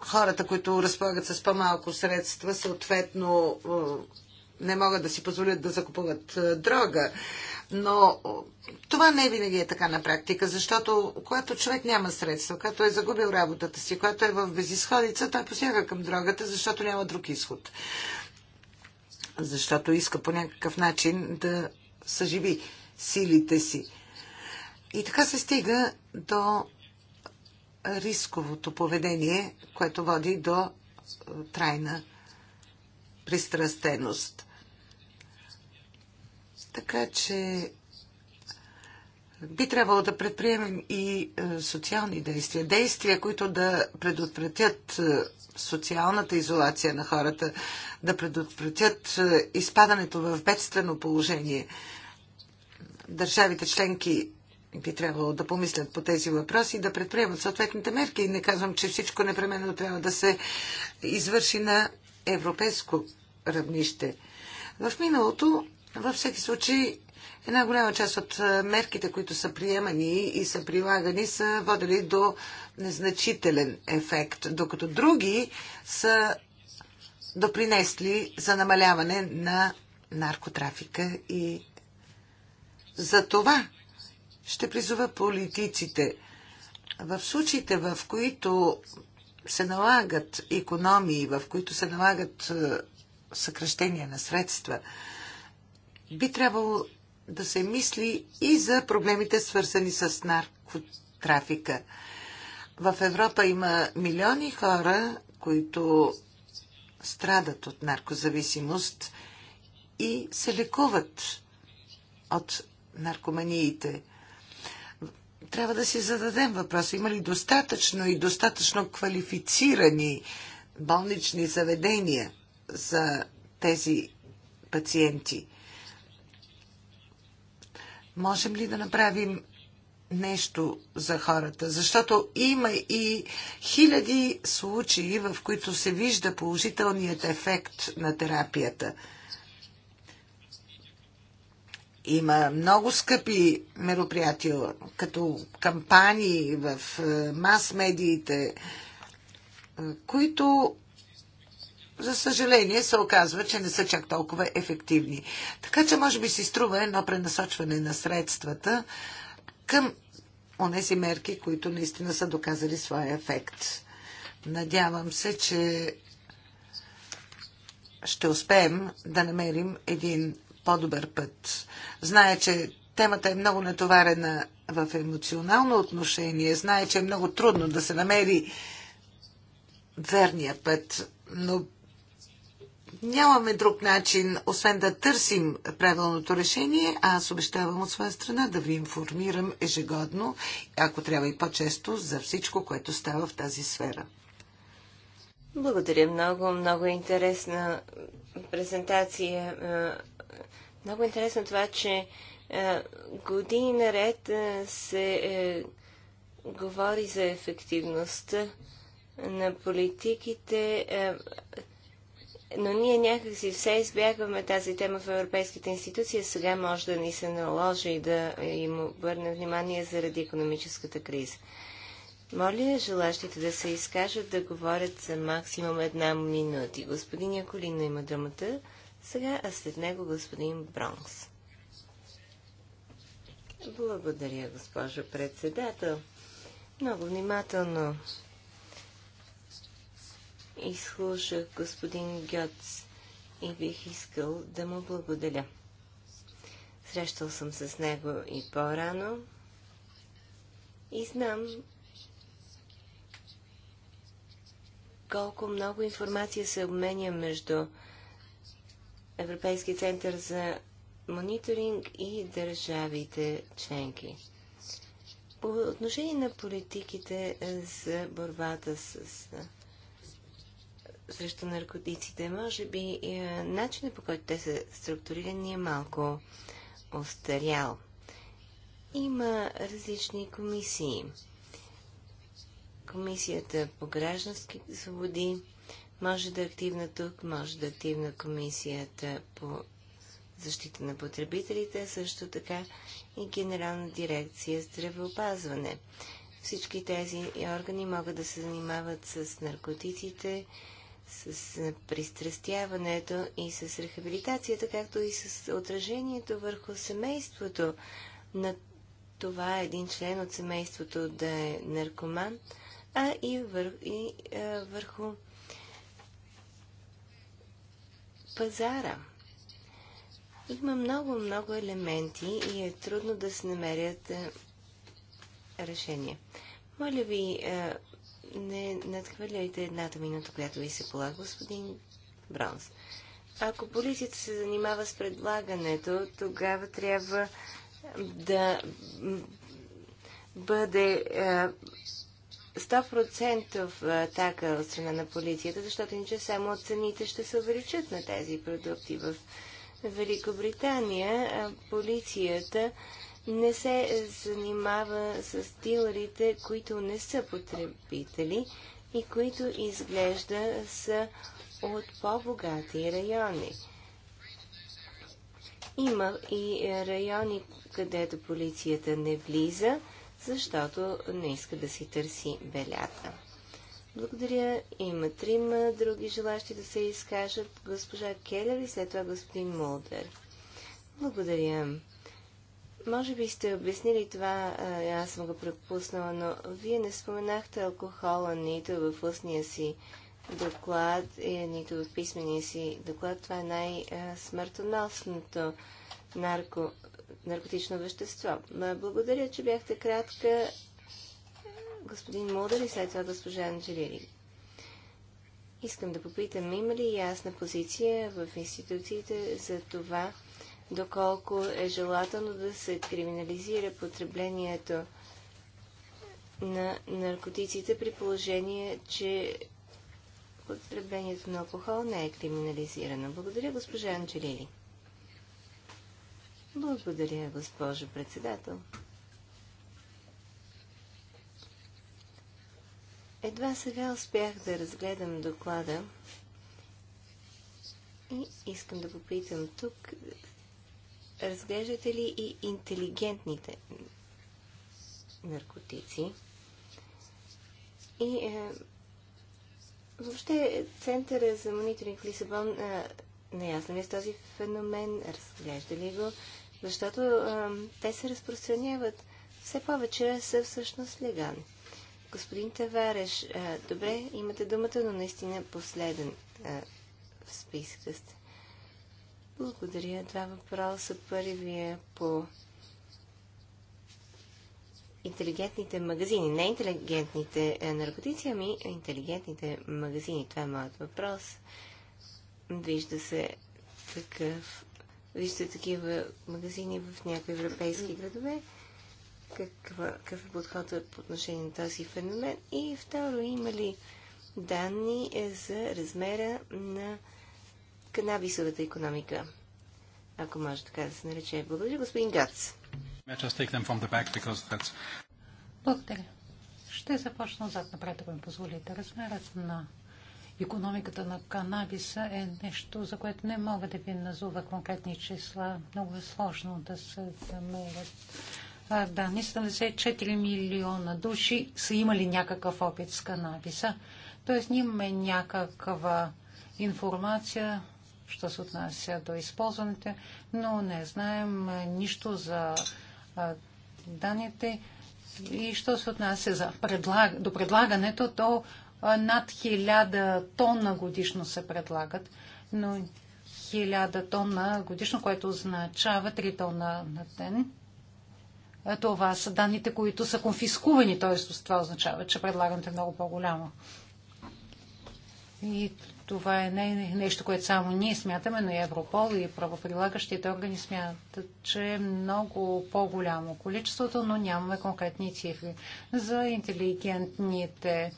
хората, които разполагат с по-малко средства, съответно е, не могат да си позволят да закупуват е, дрога. Но е, това не винаги е така на практика, защото когато човек няма средства, когато е загубил работата си, когато е в безисходица, той посяга към дрогата, защото няма друг изход. Защото иска по някакъв начин да съживи силите си. И така се стига до рисковото поведение, което води до е, трайна пристрастеност. Така че е, би трябвало да предприемем и е, социални действия. Действия, които да предотвратят социалната изолация на хората, да предотвратят изпадането в бедствено положение. Държавите членки би трябвало да помислят по тези въпроси и да предприемат съответните мерки. не казвам, че всичко непременно трябва да се извърши на европейско равнище. В миналото, във всеки случай, една голяма част от мерките, които са приемани и са прилагани, са водили до незначителен ефект, докато други са допринесли за намаляване на наркотрафика и за това ще призова политиците. В случаите, в които се налагат економии, в които се налагат е, съкръщения на средства, би трябвало да се мисли и за проблемите, свързани с наркотрафика. В Европа има милиони хора, които страдат от наркозависимост и се лекуват от наркоманиите трябва да си зададем въпроса. Има ли достатъчно и достатъчно квалифицирани болнични заведения за тези пациенти? Можем ли да направим нещо за хората? Защото има и хиляди случаи, в които се вижда положителният ефект на терапията – има много скъпи мероприятия, като кампании в е, мас-медиите, е, които за съжаление се оказва, че не са чак толкова ефективни. Така че може би си струва едно пренасочване на средствата към онези мерки, които наистина са доказали своя ефект. Надявам се, че ще успеем да намерим един по-добър път. Зная, че темата е много натоварена в емоционално отношение, знае, че е много трудно да се намери верния път, но нямаме друг начин, освен да търсим правилното решение, а аз обещавам от своя страна да ви информирам ежегодно, ако трябва и по-често, за всичко, което става в тази сфера. Благодаря много, много интересна презентация много интересно това, че е, години наред е, се е, говори за ефективността на политиките, е, но ние някакси все избягваме тази тема в европейските институции, сега може да ни се наложи и да им обърне внимание заради економическата криза. Моля желащите да се изкажат да говорят за максимум една минута. Господин Яколина има думата сега, а след него господин Бронкс. Благодаря, госпожо председател. Много внимателно изслушах господин Гьоц и бих искал да му благодаря. Срещал съм с него и по-рано и знам колко много информация се обменя между Европейския център за мониторинг и държавите членки. По отношение на политиките е, за борбата с, срещу наркотиците, може би е, начинът по който те са структурирани е малко остарял. Има различни комисии. Комисията по граждански свободи, може да е активна тук, може да е активна комисията по защита на потребителите, също така и Генерална дирекция здравеопазване. Всички тези органи могат да се занимават с наркотиците, с пристрастяването и с рехабилитацията, както и с отражението върху семейството. На това един член от семейството да е наркоман, а и, вър... и а, върху пазара. Има много, много елементи и е трудно да се намерят е, решения. Моля ви, е, не надхвърляйте едната минута, която ви се полага, господин Бронс. Ако полицията се занимава с предлагането, тогава трябва да бъде е, 100% атака от страна на полицията, защото иначе само цените ще се увеличат на тези продукти. В Великобритания полицията не се занимава с дилерите, които не са потребители и които изглежда са от по-богати райони. Има и райони, където полицията не влиза, защото не иска да си търси белята. Благодаря. Има трима други желащи да се изкажат. Госпожа Келер и след това господин Молдер. Благодаря. Може би сте обяснили това, аз съм го пропуснала, но вие не споменахте алкохола нито в устния си доклад, нито в писмения си доклад. Това е най-смъртоносното нарко наркотично вещество. Благодаря, че бяхте кратка, господин Мудър и след това госпожа Анджелири. Искам да попитам, има ли ясна позиция в институциите за това, доколко е желателно да се криминализира потреблението на наркотиците при положение, че потреблението на алкохол не е криминализирано. Благодаря, госпожа Анджелили. Благодаря, госпожо председател. Едва сега успях да разгледам доклада и искам да попитам тук, разглеждате ли и интелигентните наркотици? И е, въобще Центъра за мониторинг в Лисабон е, неясно ли е с този феномен? Разглежда ли го? защото а, те се разпространяват все повече, са всъщност легални. Господин Тавареш, а, добре, имате думата, но наистина последен а, в списка сте. Благодаря. Два въпроса. Първия е по интелигентните магазини. Не интелигентните наркотици, ами интелигентните магазини. Това е моят въпрос. Вижда се такъв вижте такива магазини в някои европейски градове. Каква, какъв е подходът по отношение на този феномен? И второ, има ли данни е, за размера на канабисовата економика? Ако може така да се нарече. Благодаря, господин Гац. Благодаря. Ще започна назад, напред, ако ми позволите. Размерът на економиката на канабиса е нещо, за което не мога да ви назова конкретни числа. Много е сложно да се намерят данни. 74 милиона души са имали някакъв опит с канабиса. Тоест, ние имаме някаква информация, що се отнася до използването, но не знаем нищо за данните. И що се отнася за предлаг... до предлагането, то над 1000 тона годишно се предлагат, но 1000 тона годишно, което означава 3 тона на ден. Това са данните, които са конфискувани, т.е. това означава, че предлагането е много по-голямо. И това е не, нещо, което само ние смятаме, но и Европол и правоприлагащите органи смятат, че е много по-голямо количеството, но нямаме конкретни цифри. За интелигентните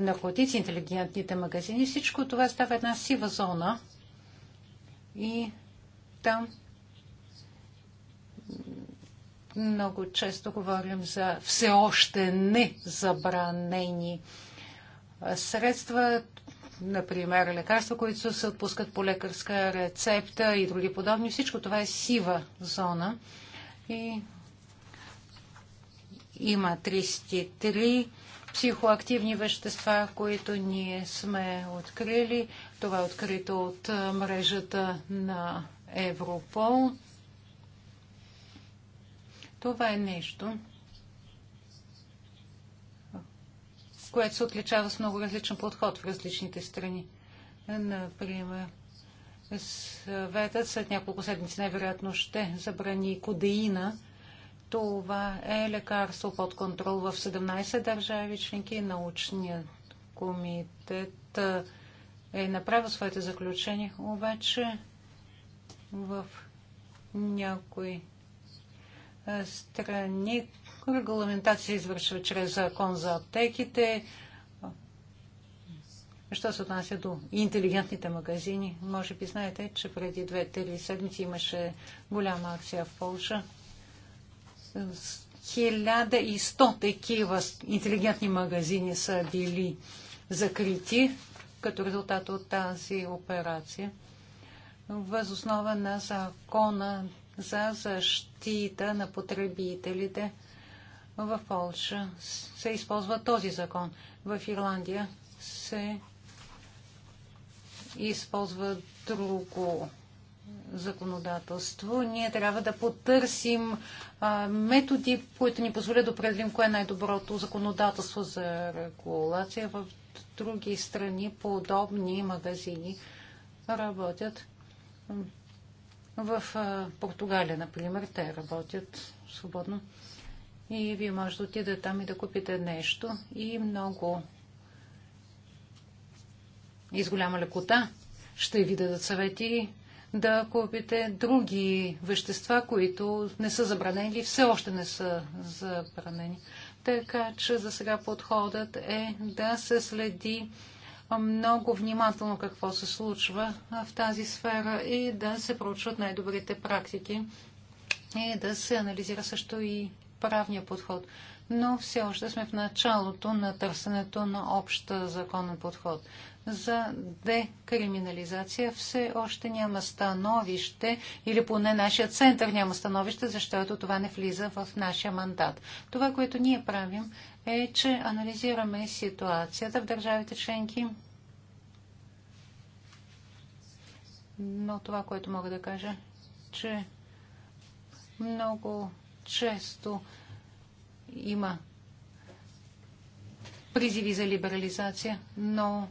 наркотици, интелигентните магазини. Всичко това става една сива зона и там много често говорим за все още не забранени средства, например лекарства, които се отпускат по лекарска рецепта и други подобни. Всичко това е сива зона. И има 33 психоактивни вещества, които ние сме открили. Това е открито от мрежата на Европол. Това е нещо, което се отличава с много различен подход в различните страни. Например, съветът след няколко седмици най-вероятно ще забрани кодеина това е лекарство под контрол в 17 държави членки. Научният комитет е направил своите заключения, обаче в някои страни регламентация се извършва чрез закон за аптеките. Що се отнася до интелигентните магазини, може би знаете, че преди 2-3 седмици имаше голяма акция в Польша 1100 такива интелигентни магазини са били закрити като резултат от тази операция. Възоснова на закона за защита на потребителите в Польша се използва този закон. В Ирландия се използва друго законодателство, ние трябва да потърсим а, методи, които ни позволят да определим кое е най-доброто законодателство за регулация. В други страни подобни магазини работят. В а, Португалия, например, те работят свободно. И вие може да отидете там и да купите нещо. И много и с голяма лекота ще ви дадат съвети да купите други вещества, които не са забранени или все още не са забранени. Така че за сега подходът е да се следи много внимателно какво се случва в тази сфера и да се проучват най-добрите практики и да се анализира също и правния подход. Но все още сме в началото на търсенето на общ законен подход за декриминализация все още няма становище или поне нашия център няма становище, защото това не влиза в нашия мандат. Това, което ние правим е, че анализираме ситуацията в държавите членки. Но това, което мога да кажа, че много често има призиви за либерализация, но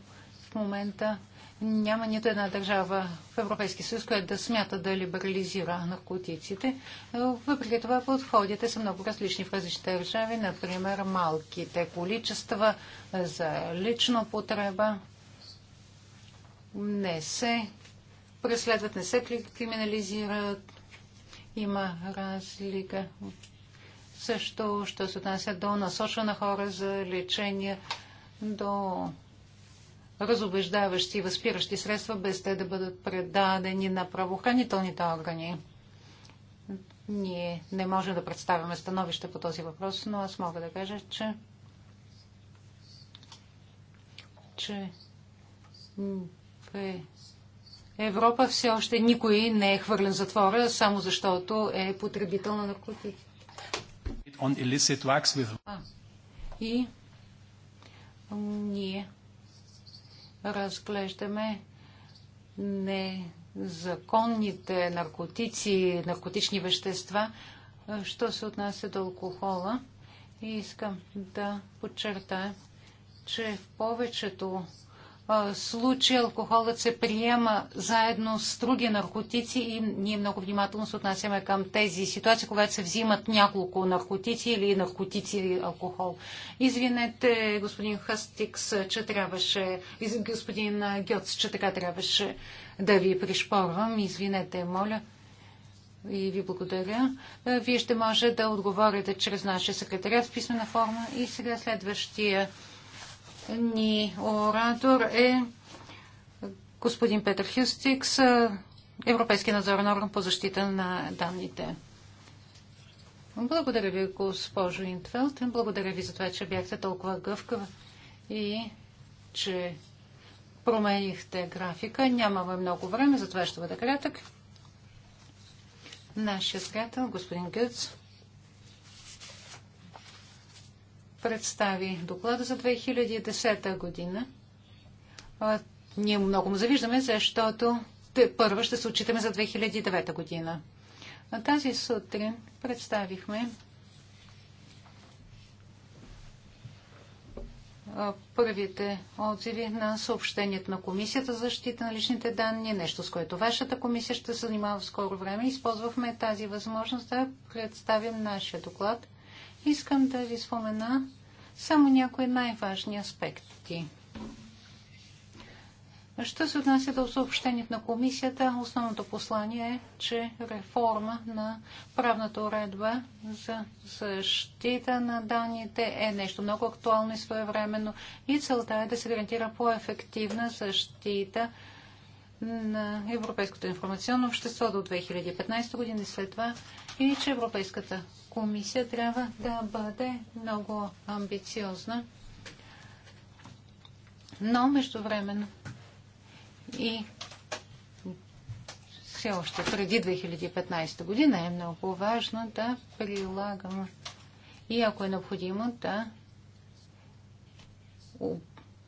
в момента няма нито една държава в Европейския съюз, която да смята да либерализира наркотиците. Въпреки това подходите са много различни в различните държави, например малките количества за лична потреба не се преследват, не се криминализират. Има разлика. Също, що се отнася до насочване на хора за лечение, до разобеждаващи и възпиращи средства, без те да бъдат предадени на правоохранителните органи. Ние не можем да представяме становище по този въпрос, но аз мога да кажа, че, че в Европа все още никой не е хвърлен затвора, само защото е потребител на наркотики. With... А, и ние разглеждаме незаконните наркотици, наркотични вещества, що се отнася до алкохола. И искам да подчертая, че в повечето случай алкохолът се приема заедно с други наркотици и ние много внимателно се отнасяме към тези ситуации, когато се взимат няколко наркотици или наркотици или алкохол. Извинете, господин Хастикс, че трябваше, господин Гьоц, че така трябваше да ви пришпорвам. Извинете, моля. И ви благодаря. Вие ще може да отговорите чрез нашия секретарят в писмена форма. И сега следващия ни оратор е господин Петър Хюстикс, Европейски надзорен орган по защита на данните. Благодаря ви, госпожо Интфелд. Благодаря ви за това, че бяхте толкова гъвкава и че променихте графика. Нямаме много време, затова ще бъде кратък. Нашият приятел, господин Гъц, представи доклада за 2010 година. ние много му завиждаме, защото те първа ще се отчитаме за 2009 година. На тази сутрин представихме първите отзиви на съобщението на Комисията за защита на личните данни, нещо с което вашата комисия ще се занимава в скоро време. Използвахме тази възможност да представим нашия доклад. Искам да ви спомена само някои най-важни аспекти. Що се отнася до съобщението на комисията, основното послание е, че реформа на правната уредба за защита на данните е нещо много актуално и своевременно и целта е да се гарантира по-ефективна защита на Европейското информационно общество до 2015 година и след това и че Европейската комисия трябва да бъде много амбициозна. Но междувременно и все още преди 2015 година е много важно да прилагаме и ако е необходимо да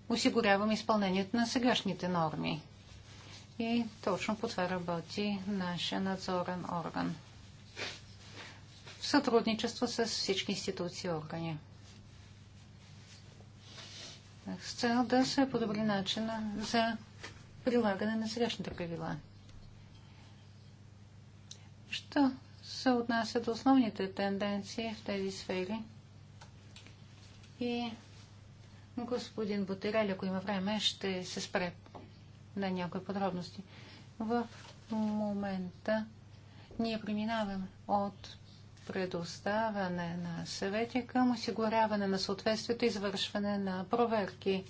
осигуряваме изпълнението на сегашните норми. И точно по това работи нашия надзорен орган. В сътрудничество с всички институции и органи. С цел да се подобри начина за прилагане на сегашните правила. Що се отнася до основните тенденции в тези сфери? И господин Бутерель, ако има време, ще се спре на някои подробности. В момента ние преминаваме от предоставяне на съвети към осигуряване на съответствието и извършване на проверки.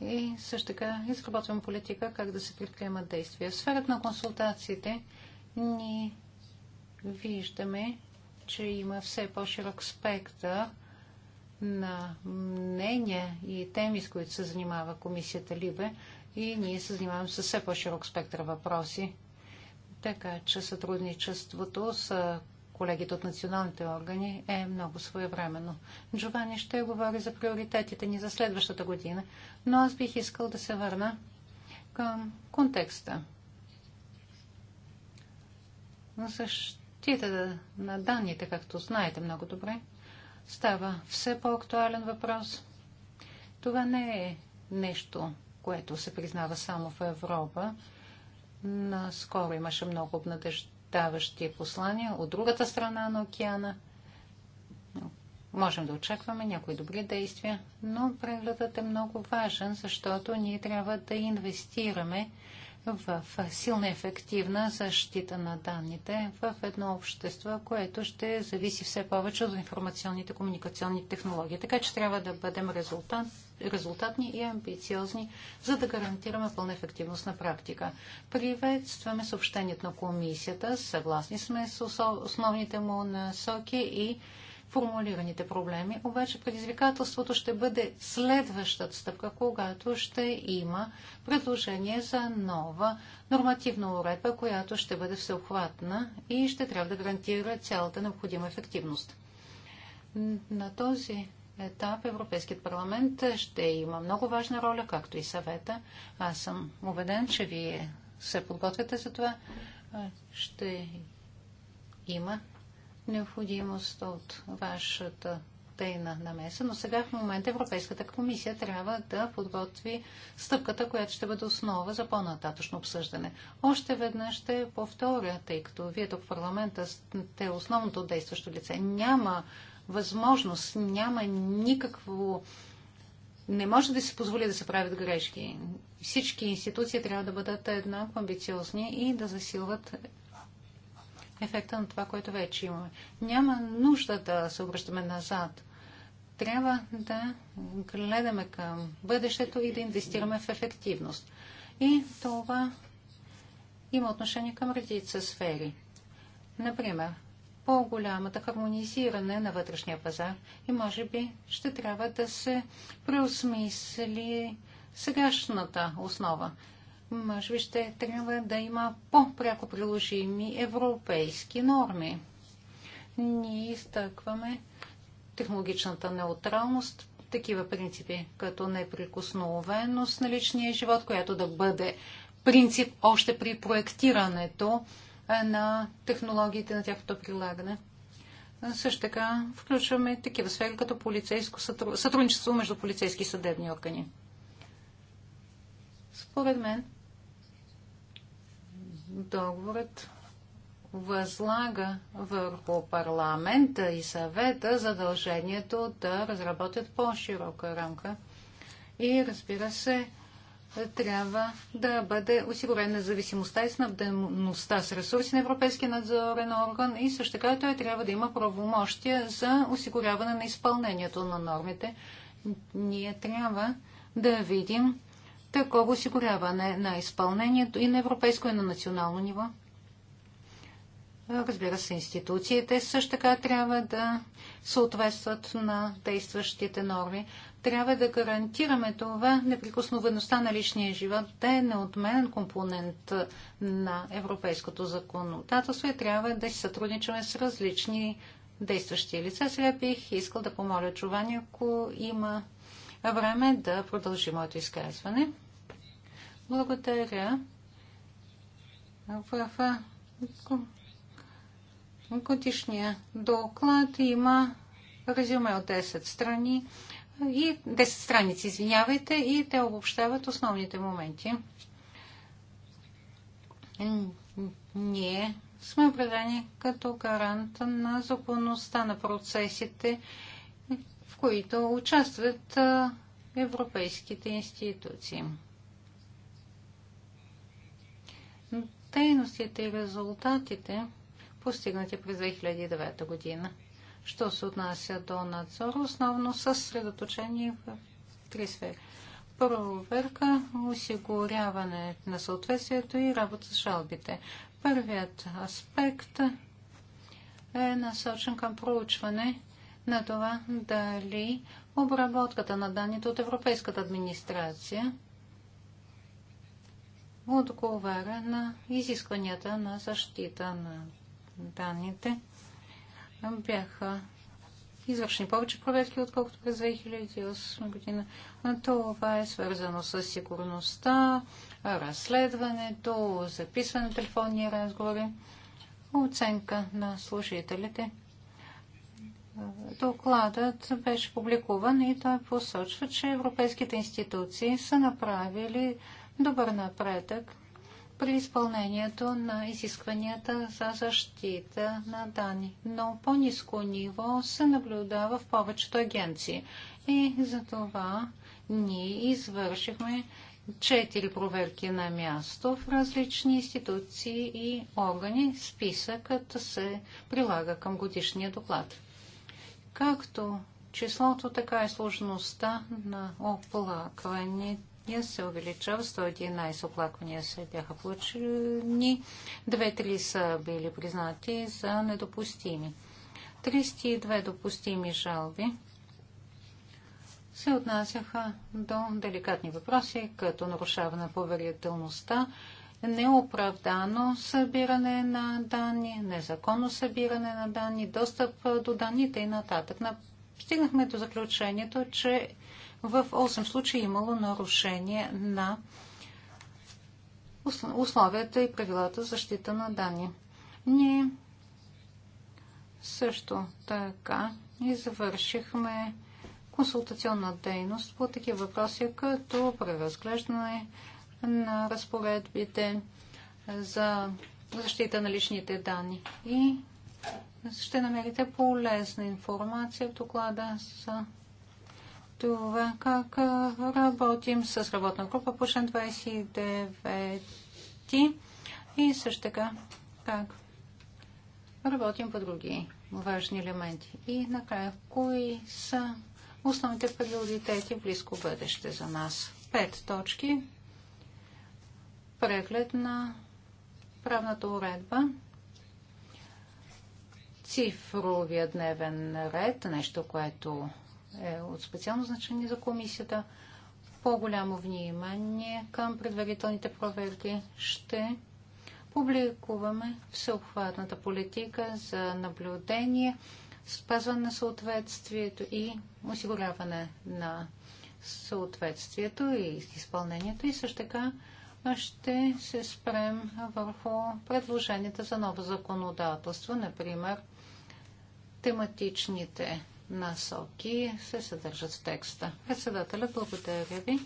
И също така изработвам политика как да се предприемат действия. В сферата на консултациите ние виждаме, че има все по-широк спектър на мнения и теми, с които се занимава комисията Либе и ние се занимаваме с все по-широк спектър въпроси. Така че сътрудничеството с колегите от националните органи е много своевременно. Джовани ще говори за приоритетите ни за следващата година, но аз бих искал да се върна към контекста. Защитата на данните, както знаете много добре, става все по-актуален въпрос. Това не е нещо, което се признава само в Европа. Наскоро имаше много обнадеждаващи послания от другата страна на океана. Можем да очакваме някои добри действия, но прегледът е много важен, защото ние трябва да инвестираме в силна ефективна защита на данните в едно общество, което ще зависи все повече от информационните комуникационни технологии. Така че трябва да бъдем резултат, резултатни и амбициозни, за да гарантираме пълна ефективност на практика. Приветстваме съобщението на комисията, съгласни сме с основните му насоки и формулираните проблеми, обаче предизвикателството ще бъде следващата стъпка, когато ще има предложение за нова нормативна уредба, която ще бъде всеобхватна и ще трябва да гарантира цялата необходима ефективност. На този етап Европейският парламент ще има много важна роля, както и съвета. Аз съм убеден, че вие се подготвяте за това. Ще има необходимост от вашата тейна намеса, но сега в момента Европейската комисия трябва да подготви стъпката, която ще бъде основа за по-нататъчно обсъждане. Още веднъж ще повторя, тъй като вие тук в парламента сте основното действащо лице. Няма възможност, няма никакво не може да се позволи да се правят грешки. Всички институции трябва да бъдат еднакво амбициозни и да засилват ефекта на това, което вече имаме. Няма нужда да се обръщаме назад. Трябва да гледаме към бъдещето и да инвестираме в ефективност. И това има отношение към редица сфери. Например, по-голямата хармонизиране на вътрешния пазар и може би ще трябва да се преосмисли сегашната основа може би ще трябва да има по-пряко приложими европейски норми. Ние изтъкваме технологичната неутралност, такива принципи, като неприкосновеност на личния живот, която да бъде принцип още при проектирането на технологиите на тяхното прилагане. Също така включваме такива сфери като полицейско сътрудничество между полицейски и съдебни органи. Според мен, договорът възлага върху парламента и съвета задължението да разработят по-широка рамка. И разбира се, трябва да бъде осигурена независимостта и снабдеността с ресурси на Европейския надзорен орган и също така той трябва да има правомощия за осигуряване на изпълнението на нормите. Ние трябва да видим такова осигуряване на изпълнението и на европейско и на национално ниво. Разбира се, институциите също така трябва да съответстват на действащите норми. Трябва да гарантираме това неприкосновеността на личния живот да е неотменен компонент на европейското законодателство и трябва да си сътрудничаме с различни действащи лица. Сега бих искал да помоля Чувани, ако има време да продължи моето изказване. Благодаря. В годишния доклад има резюме от 10 страни и 10 страници, извинявайте, и те обобщават основните моменти. Ние сме определени като гарант на законността на процесите които участват европейските институции. Тейностите и резултатите, постигнати през 2009 година, що се отнася до надзор, основно средоточени в три сфери. Проверка, осигуряване на съответствието и работа с жалбите. Първият аспект е насочен към проучване на това дали обработката на данните от Европейската администрация отговаря на изискванията на защита на данните. Бяха извършени повече проверки, отколкото през 2008 година. Това е свързано с сигурността, разследването, записване на телефонни разговори, оценка на служителите – Докладът беше публикуван и той посочва, че европейските институции са направили добър напредък при изпълнението на изискванията за защита на данни, но по-низко ниво се наблюдава в повечето агенции. И за това ние извършихме четири проверки на място в различни институции и органи. Списъкът се прилага към годишния доклад. Както числото, така и сложността на оплакване се увеличава. 111 оплаквания се бяха получени. Две-три са били признати за недопустими. 32 допустими жалби се отнасяха до деликатни въпроси, като нарушаване на поверителността, неоправдано събиране на данни, незаконно събиране на данни, достъп до данните и нататък. Стигнахме до заключението, че в 8 случаи имало нарушение на условията и правилата защита на данни. Ние също така извършихме консултационна дейност по такива въпроси, като преразглеждане, на разпоредбите за защита на личните данни. И ще намерите полезна информация в доклада за това как работим с работна група по член 29 и също така как работим по други важни елементи. И накрая, кои са основните приоритети в близко бъдеще за нас? Пет точки преглед на правната уредба, цифровия дневен ред, нещо, което е от специално значение за комисията, по-голямо внимание към предварителните проверки ще публикуваме всеобхватната политика за наблюдение, спазване на съответствието и осигуряване на съответствието и изпълнението и също така ще се спрем върху предложенията за ново законодателство, например тематичните насоки се съдържат в текста. Председателя, благодаря ви.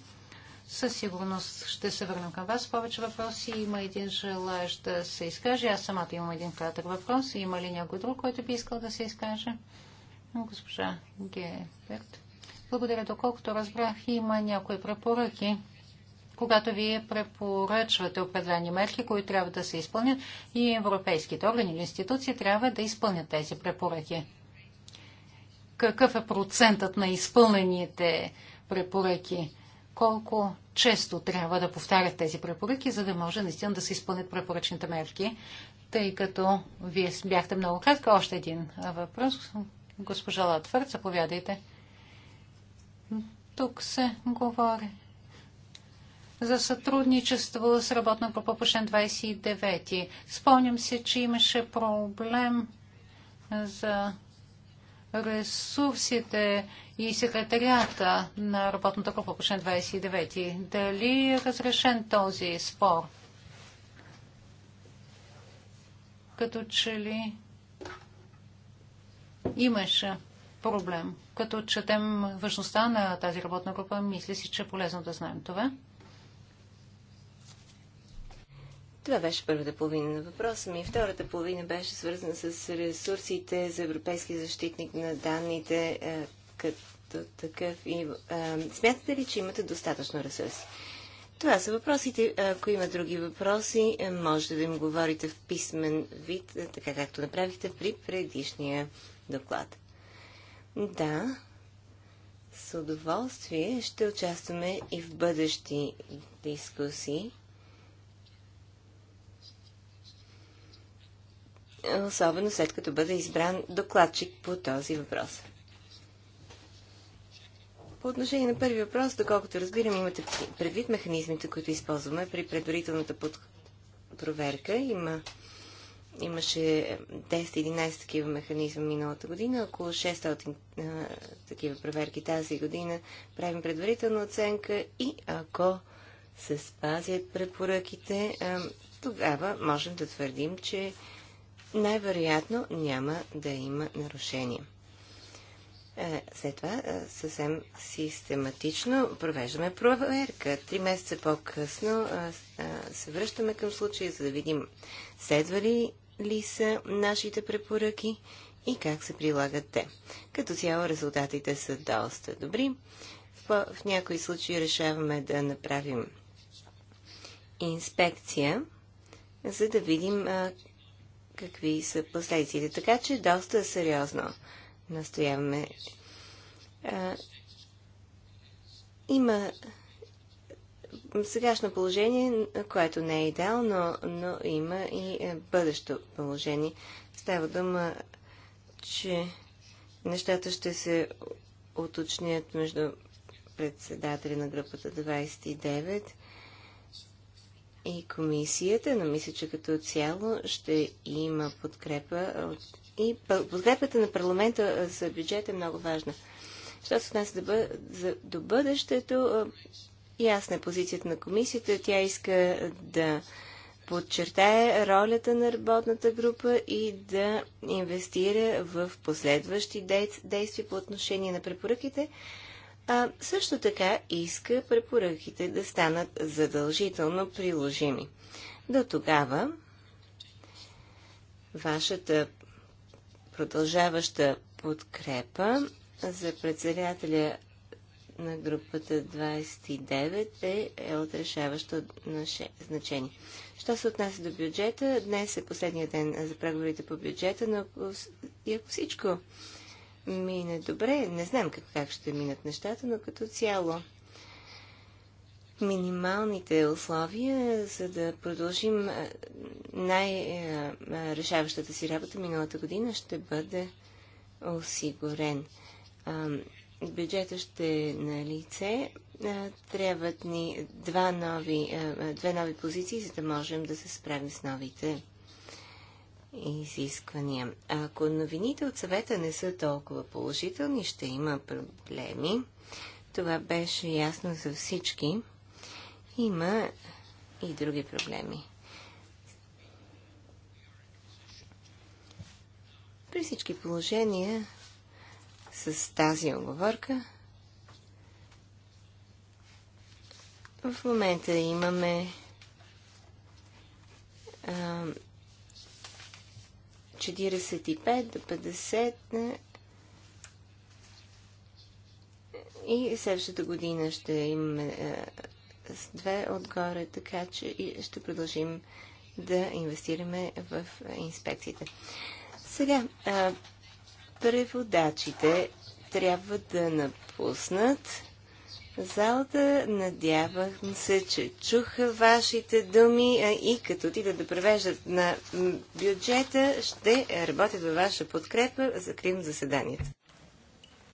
Със сигурност ще се върнем към вас. Повече въпроси има един желаящ да се изкаже. Аз самата имам един кратък въпрос. Има ли някой друг, който би искал да се изкаже? Госпожа Геберт. Благодаря. Доколкото разбрах, има някои препоръки когато вие препоръчвате определени мерки, които трябва да се изпълнят и европейските органи или институции трябва да изпълнят тези препоръки. Какъв е процентът на изпълнените препоръки? Колко често трябва да повтарят тези препоръки, за да може наистина да се изпълнят препоръчните мерки? Тъй като вие бяхте много кратка, още един въпрос. Госпожа Латвърд, заповядайте. Тук се говори за сътрудничество с работна група по член 29. Спомням се, че имаше проблем за ресурсите и секретарията на работната група по член 29. Дали е разрешен този спор? Като че ли имаше проблем. Като четем важността на тази работна група, мисля си, че е полезно да знаем това. Това беше първата половина на въпроса ми. Втората половина беше свързана с ресурсите за европейски защитник на данните е, като такъв. И, а, е, смятате ли, че имате достатъчно ресурси? Това са въпросите. Ако има други въпроси, е, можете да им говорите в писмен вид, така както направихте при предишния доклад. Да, с удоволствие ще участваме и в бъдещи дискусии. особено след като бъде избран докладчик по този въпрос. По отношение на първи въпрос, доколкото разбирам, имате предвид механизмите, които използваме при предварителната проверка. Има... Имаше 10-11 такива механизма миналата година, около 600 а, такива проверки тази година. Правим предварителна оценка и ако се спазят препоръките, а, тогава можем да твърдим, че най-вероятно няма да има нарушения. Е, след това е, съвсем систематично провеждаме проверка. Три месеца по-късно е, се връщаме към случая, за да видим следва ли, ли са нашите препоръки и как се прилагат те. Като цяло резултатите са доста добри. В, някои случаи решаваме да направим инспекция, за да видим какви са последиците. Така че доста сериозно настояваме. А, има сегашно положение, което не е идеално, но има и е, бъдещо положение. Става дума, че нещата ще се уточнят между председателя на групата 29 и комисията, но мисля, че като цяло ще има подкрепа и подкрепата на парламента за бюджет е много важна. Що се отнася до бъдещето, ясна е позицията на комисията. Тя иска да подчертае ролята на работната група и да инвестира в последващи действия по отношение на препоръките, а, също така иска препоръките да станат задължително приложими. До тогава вашата продължаваща подкрепа за председателя на групата 29 е, е от решаващо значение. Що се отнася до бюджета, днес е последния ден за преговорите по бюджета, но ако, и ако всичко мине добре. Не знам как, как ще минат нещата, но като цяло минималните условия, за да продължим най-решаващата си работа миналата година, ще бъде осигурен. Бюджета ще е на лице. Трябват ни два нови, две нови позиции, за да можем да се справим с новите изисквания. Ако новините от съвета не са толкова положителни, ще има проблеми. Това беше ясно за всички. Има и други проблеми. При всички положения с тази оговорка в момента имаме а, 45 до 50 и следващата година ще имаме е, с две отгоре, така че ще продължим да инвестираме в инспекциите. Сега, е, преводачите трябва да напуснат залата. Надявах се, че чуха вашите думи а и като отидат да превеждат на бюджета, ще работят във ваша подкрепа. Закрим заседанието.